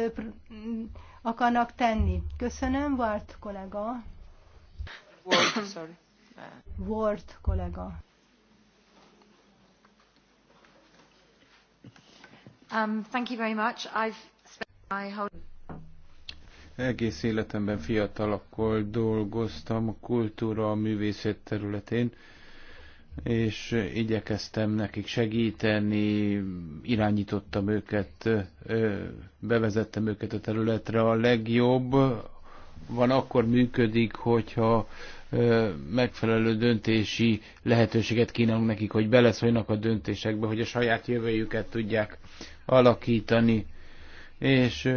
akarnak tenni? Köszönöm, Várt kollega. Ward, sorry. Ward kollega. Um, egész életemben fiatalokkal dolgoztam a kultúra, a művészet területén, és igyekeztem nekik segíteni, irányítottam őket, bevezettem őket a területre. A legjobb van akkor működik, hogyha megfelelő döntési lehetőséget kínálunk nekik, hogy beleszóljanak a döntésekbe, hogy a saját jövőjüket tudják alakítani. És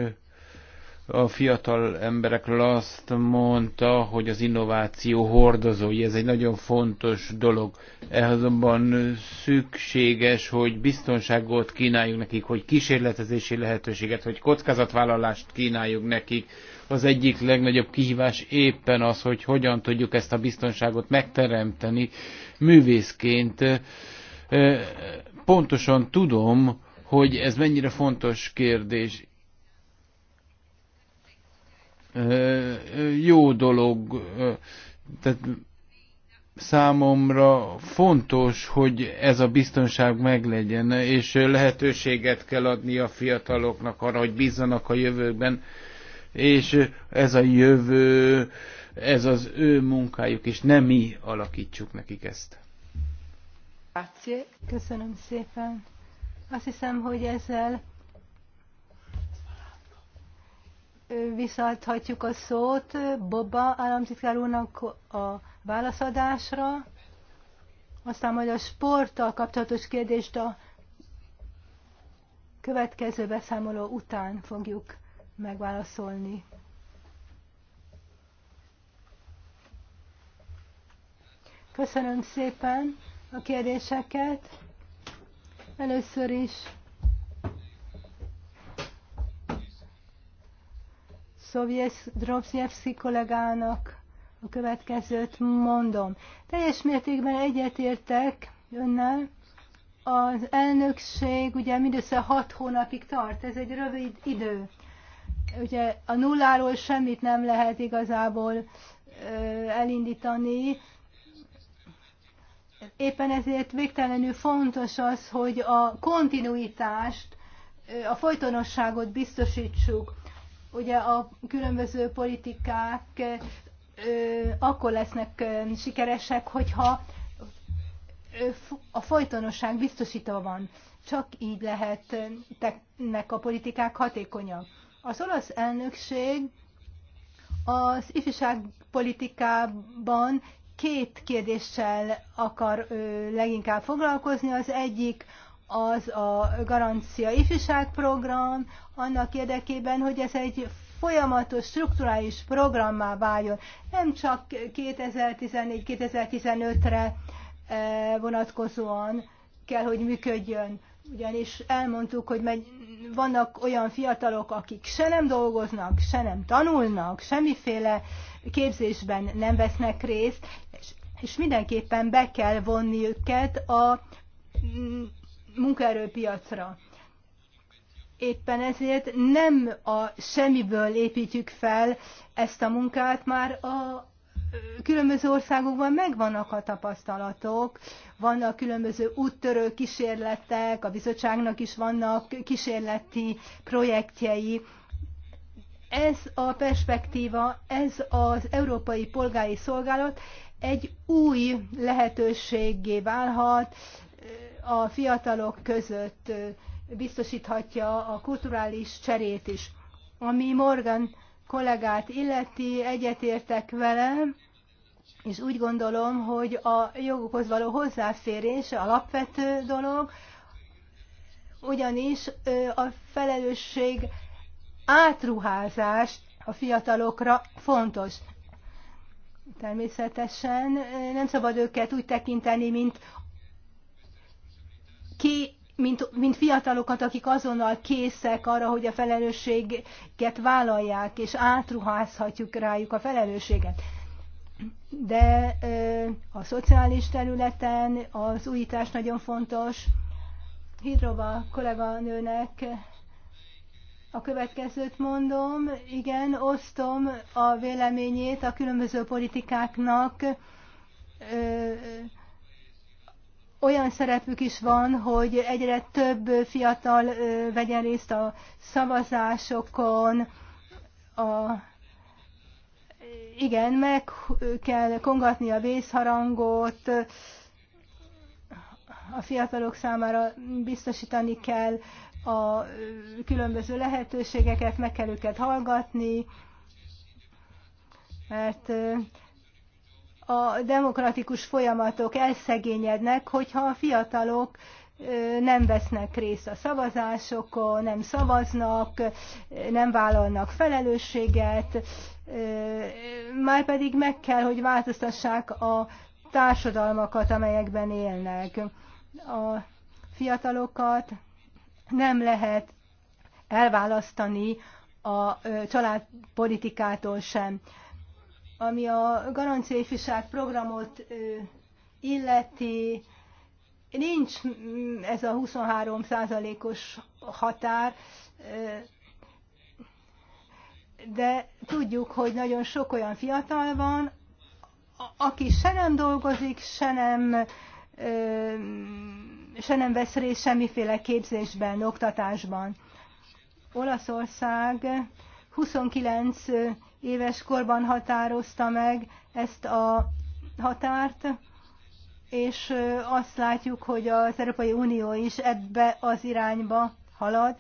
a fiatal emberekről azt mondta, hogy az innováció hordozói, ez egy nagyon fontos dolog. Ehhez azonban szükséges, hogy biztonságot kínáljunk nekik, hogy kísérletezési lehetőséget, hogy kockázatvállalást kínáljuk nekik. Az egyik legnagyobb kihívás éppen az, hogy hogyan tudjuk ezt a biztonságot megteremteni művészként. Pontosan tudom, hogy ez mennyire fontos kérdés. Jó dolog, tehát számomra fontos, hogy ez a biztonság meglegyen, és lehetőséget kell adni a fiataloknak arra, hogy bízzanak a jövőben, és ez a jövő, ez az ő munkájuk, és nem mi alakítsuk nekik ezt. Köszönöm szépen. Azt hiszem, hogy ezzel visszaadhatjuk a szót Boba államtitkár úrnak a válaszadásra, aztán majd a sporttal kapcsolatos kérdést a következő beszámoló után fogjuk megválaszolni. Köszönöm szépen a kérdéseket. Először is Szovjet kollégának a következőt mondom. Teljes mértékben egyetértek önnel. Az elnökség ugye mindössze hat hónapig tart, ez egy rövid idő. Ugye a nulláról semmit nem lehet igazából elindítani, Éppen ezért végtelenül fontos az, hogy a kontinuitást, a folytonosságot biztosítsuk. Ugye a különböző politikák akkor lesznek sikeresek, hogyha a folytonosság biztosítva van. Csak így lehetnek a politikák hatékonyak. Az olasz elnökség az ifjúságpolitikában két kérdéssel akar leginkább foglalkozni. Az egyik az a garancia ifjúságprogram, annak érdekében, hogy ez egy folyamatos strukturális programmá váljon, nem csak 2014-2015-re vonatkozóan kell, hogy működjön. Ugyanis elmondtuk, hogy megy, vannak olyan fiatalok, akik se nem dolgoznak, se nem tanulnak, semmiféle képzésben nem vesznek részt, és mindenképpen be kell vonni őket a mm, munkaerőpiacra. Éppen ezért nem a semmiből építjük fel ezt a munkát, már a különböző országokban megvannak a tapasztalatok, vannak különböző úttörő kísérletek, a bizottságnak is vannak kísérleti projektjei. Ez a perspektíva, ez az Európai Polgári Szolgálat, egy új lehetőségé válhat a fiatalok között, biztosíthatja a kulturális cserét is. Ami Morgan kollégát illeti, egyetértek vele, és úgy gondolom, hogy a jogokhoz való hozzáférés alapvető dolog, ugyanis a felelősség átruházás a fiatalokra fontos. Természetesen nem szabad őket úgy tekinteni, mint ki, mint, mint fiatalokat, akik azonnal készek arra, hogy a felelősséget vállalják, és átruházhatjuk rájuk a felelősséget. De a szociális területen az újítás nagyon fontos. Hidrova kolléganőnek a következőt mondom, igen, osztom a véleményét a különböző politikáknak. Ö, olyan szerepük is van, hogy egyre több fiatal ö, vegyen részt a szavazásokon, a igen, meg kell kongatni a vészharangot, a fiatalok számára biztosítani kell a különböző lehetőségeket, meg kell őket hallgatni, mert a demokratikus folyamatok elszegényednek, hogyha a fiatalok nem vesznek részt a szavazásokon, nem szavaznak, nem vállalnak felelősséget, már pedig meg kell, hogy változtassák a társadalmakat, amelyekben élnek. A fiatalokat nem lehet elválasztani a családpolitikától sem. Ami a garancia programot illeti, nincs mm, ez a 23 százalékos határ, de tudjuk, hogy nagyon sok olyan fiatal van, aki se nem dolgozik, se nem se nem vesz részt semmiféle képzésben, oktatásban. Olaszország 29 éves korban határozta meg ezt a határt, és azt látjuk, hogy az Európai Unió is ebbe az irányba halad,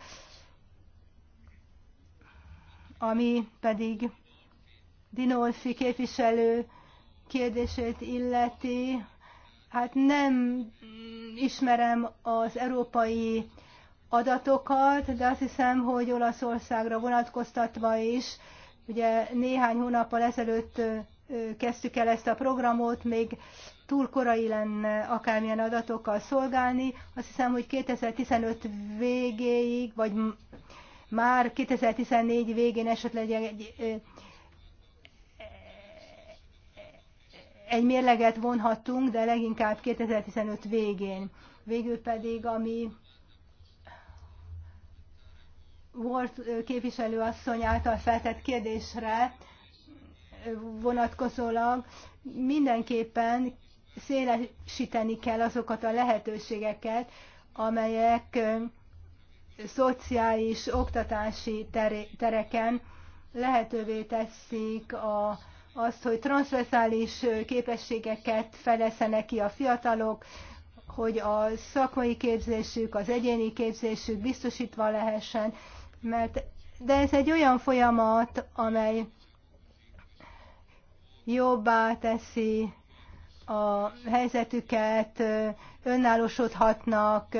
ami pedig Dinolfi képviselő kérdését illeti, hát nem ismerem az európai adatokat, de azt hiszem, hogy Olaszországra vonatkoztatva is, ugye néhány hónappal ezelőtt kezdtük el ezt a programot, még túl korai lenne akármilyen adatokkal szolgálni. Azt hiszem, hogy 2015 végéig, vagy már 2014 végén esetleg egy egy mérleget vonhatunk, de leginkább 2015 végén. Végül pedig, ami volt képviselőasszony által feltett kérdésre vonatkozólag mindenképpen szélesíteni kell azokat a lehetőségeket, amelyek szociális, oktatási tereken lehetővé teszik a azt, hogy transzveszális képességeket fedezzenek ki a fiatalok, hogy a szakmai képzésük, az egyéni képzésük biztosítva lehessen, mert de ez egy olyan folyamat, amely jobbá teszi a helyzetüket, önállósodhatnak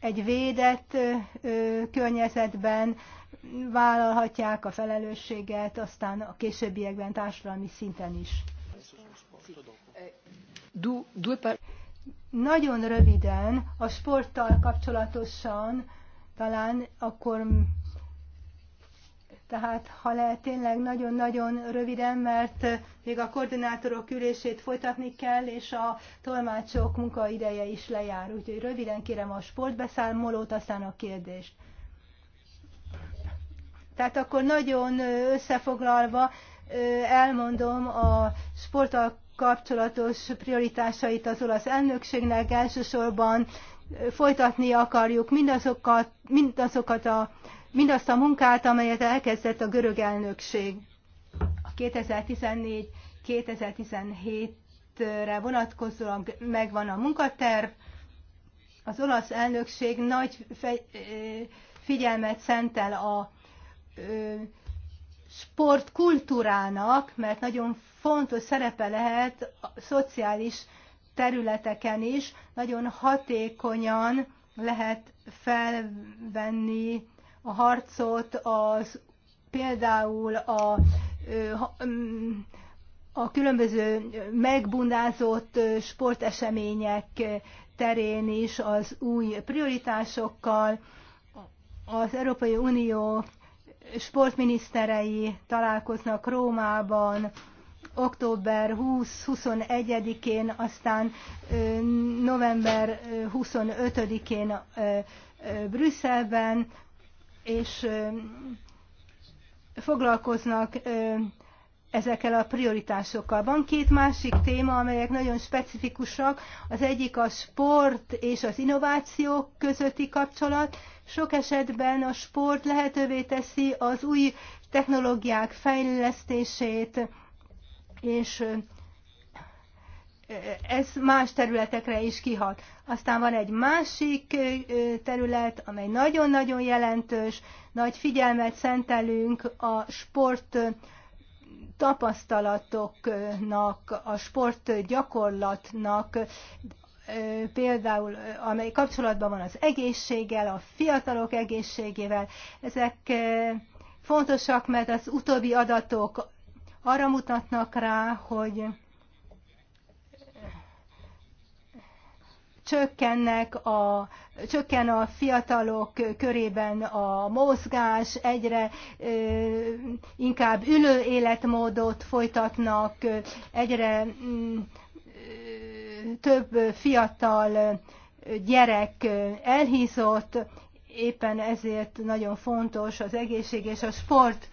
egy védett környezetben, vállalhatják a felelősséget, aztán a későbbiekben társadalmi szinten is. Nagyon röviden a sporttal kapcsolatosan talán akkor tehát ha lehet tényleg nagyon-nagyon röviden, mert még a koordinátorok ülését folytatni kell, és a tolmácsok munkaideje is lejár. Úgyhogy röviden kérem a sportbeszámolót, aztán a kérdést. Tehát akkor nagyon összefoglalva elmondom a sporttal kapcsolatos prioritásait az olasz elnökségnek. Elsősorban folytatni akarjuk mindazokat, mindazokat a, mindazt a munkát, amelyet elkezdett a görög elnökség. A 2014-2017-re vonatkozóan megvan a munkaterv. Az olasz elnökség nagy figyelmet szentel a sportkultúrának, mert nagyon fontos szerepe lehet a szociális területeken is, nagyon hatékonyan lehet felvenni a harcot az például a, mm, a különböző megbundázott sportesemények terén is az új prioritásokkal, az Európai Unió sportminiszterei találkoznak Rómában október 20-21-én, aztán november 25-én Brüsszelben, és foglalkoznak ezekkel a prioritásokkal. Van két másik téma, amelyek nagyon specifikusak. Az egyik a sport és az innováció közötti kapcsolat, sok esetben a sport lehetővé teszi az új technológiák fejlesztését, és ez más területekre is kihat. Aztán van egy másik terület, amely nagyon-nagyon jelentős, nagy figyelmet szentelünk a sport tapasztalatoknak, a sport gyakorlatnak, például amely kapcsolatban van az egészséggel, a fiatalok egészségével. Ezek fontosak, mert az utóbbi adatok arra mutatnak rá, hogy csökkennek a, csökken a fiatalok körében a mozgás, egyre ö, inkább ülő életmódot folytatnak, egyre mm, több fiatal gyerek elhízott, éppen ezért nagyon fontos az egészség és a sport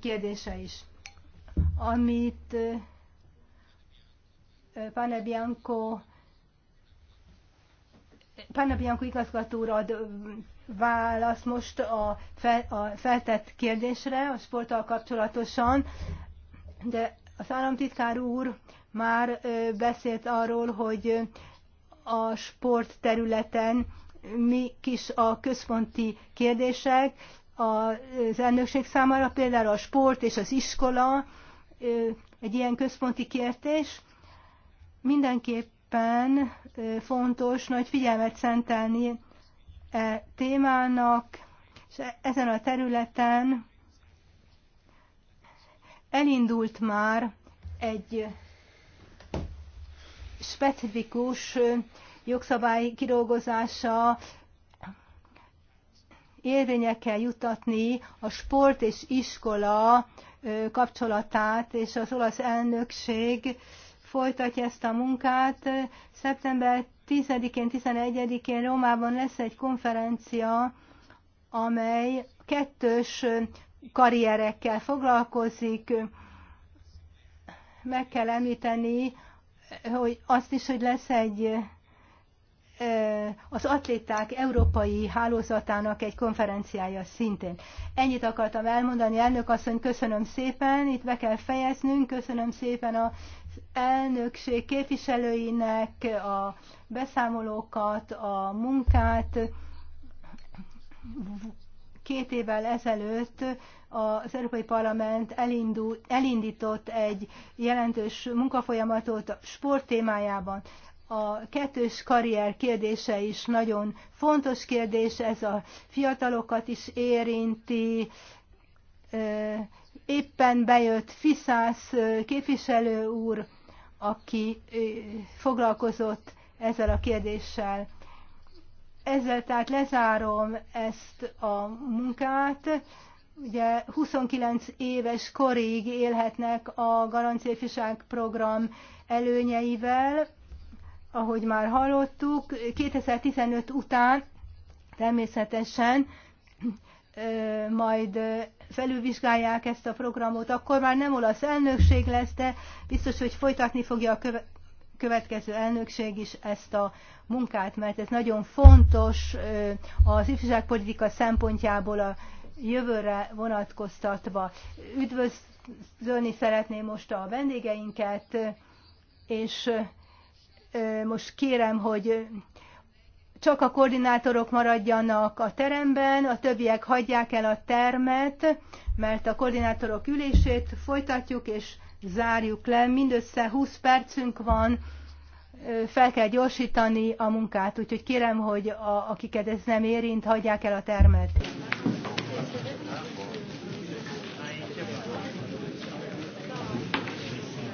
kérdése is. Amit Pane Bianco, Pane Bianco igazgatóra ad választ most a, fel, a feltett kérdésre a sporttal kapcsolatosan, de az államtitkár úr már beszélt arról, hogy a sport területen mi kis a központi kérdések az elnökség számára, például a sport és az iskola egy ilyen központi kérdés. Mindenképpen fontos nagy figyelmet szentelni e témának, és e-, ezen a területen Elindult már egy specifikus jogszabály kidolgozása, érvényekkel jutatni a sport és iskola kapcsolatát, és az olasz elnökség folytatja ezt a munkát. Szeptember 10-én, 11-én Rómában lesz egy konferencia, amely kettős karrierekkel foglalkozik. Meg kell említeni, hogy azt is, hogy lesz egy az atléták európai hálózatának egy konferenciája szintén. Ennyit akartam elmondani, elnök asszony, köszönöm szépen, itt be kell fejeznünk, köszönöm szépen a elnökség képviselőinek a beszámolókat, a munkát, Két évvel ezelőtt az Európai Parlament elindult, elindított egy jelentős munkafolyamatot a sport témájában. A kettős karrier kérdése is nagyon fontos kérdés, ez a fiatalokat is érinti. Éppen bejött Fiszász képviselő úr, aki foglalkozott ezzel a kérdéssel. Ezzel tehát lezárom ezt a munkát. Ugye 29 éves korig élhetnek a garanciafiság program előnyeivel, ahogy már hallottuk, 2015 után természetesen majd felülvizsgálják ezt a programot, akkor már nem olasz elnökség lesz, de biztos, hogy folytatni fogja a köve- következő elnökség is ezt a munkát, mert ez nagyon fontos az ifjúságpolitika szempontjából a jövőre vonatkoztatva. Üdvözölni szeretném most a vendégeinket, és most kérem, hogy csak a koordinátorok maradjanak a teremben, a többiek hagyják el a termet, mert a koordinátorok ülését folytatjuk, és zárjuk le. Mindössze 20 percünk van, fel kell gyorsítani a munkát, úgyhogy kérem, hogy a, akiket ez nem érint, hagyják el a termet.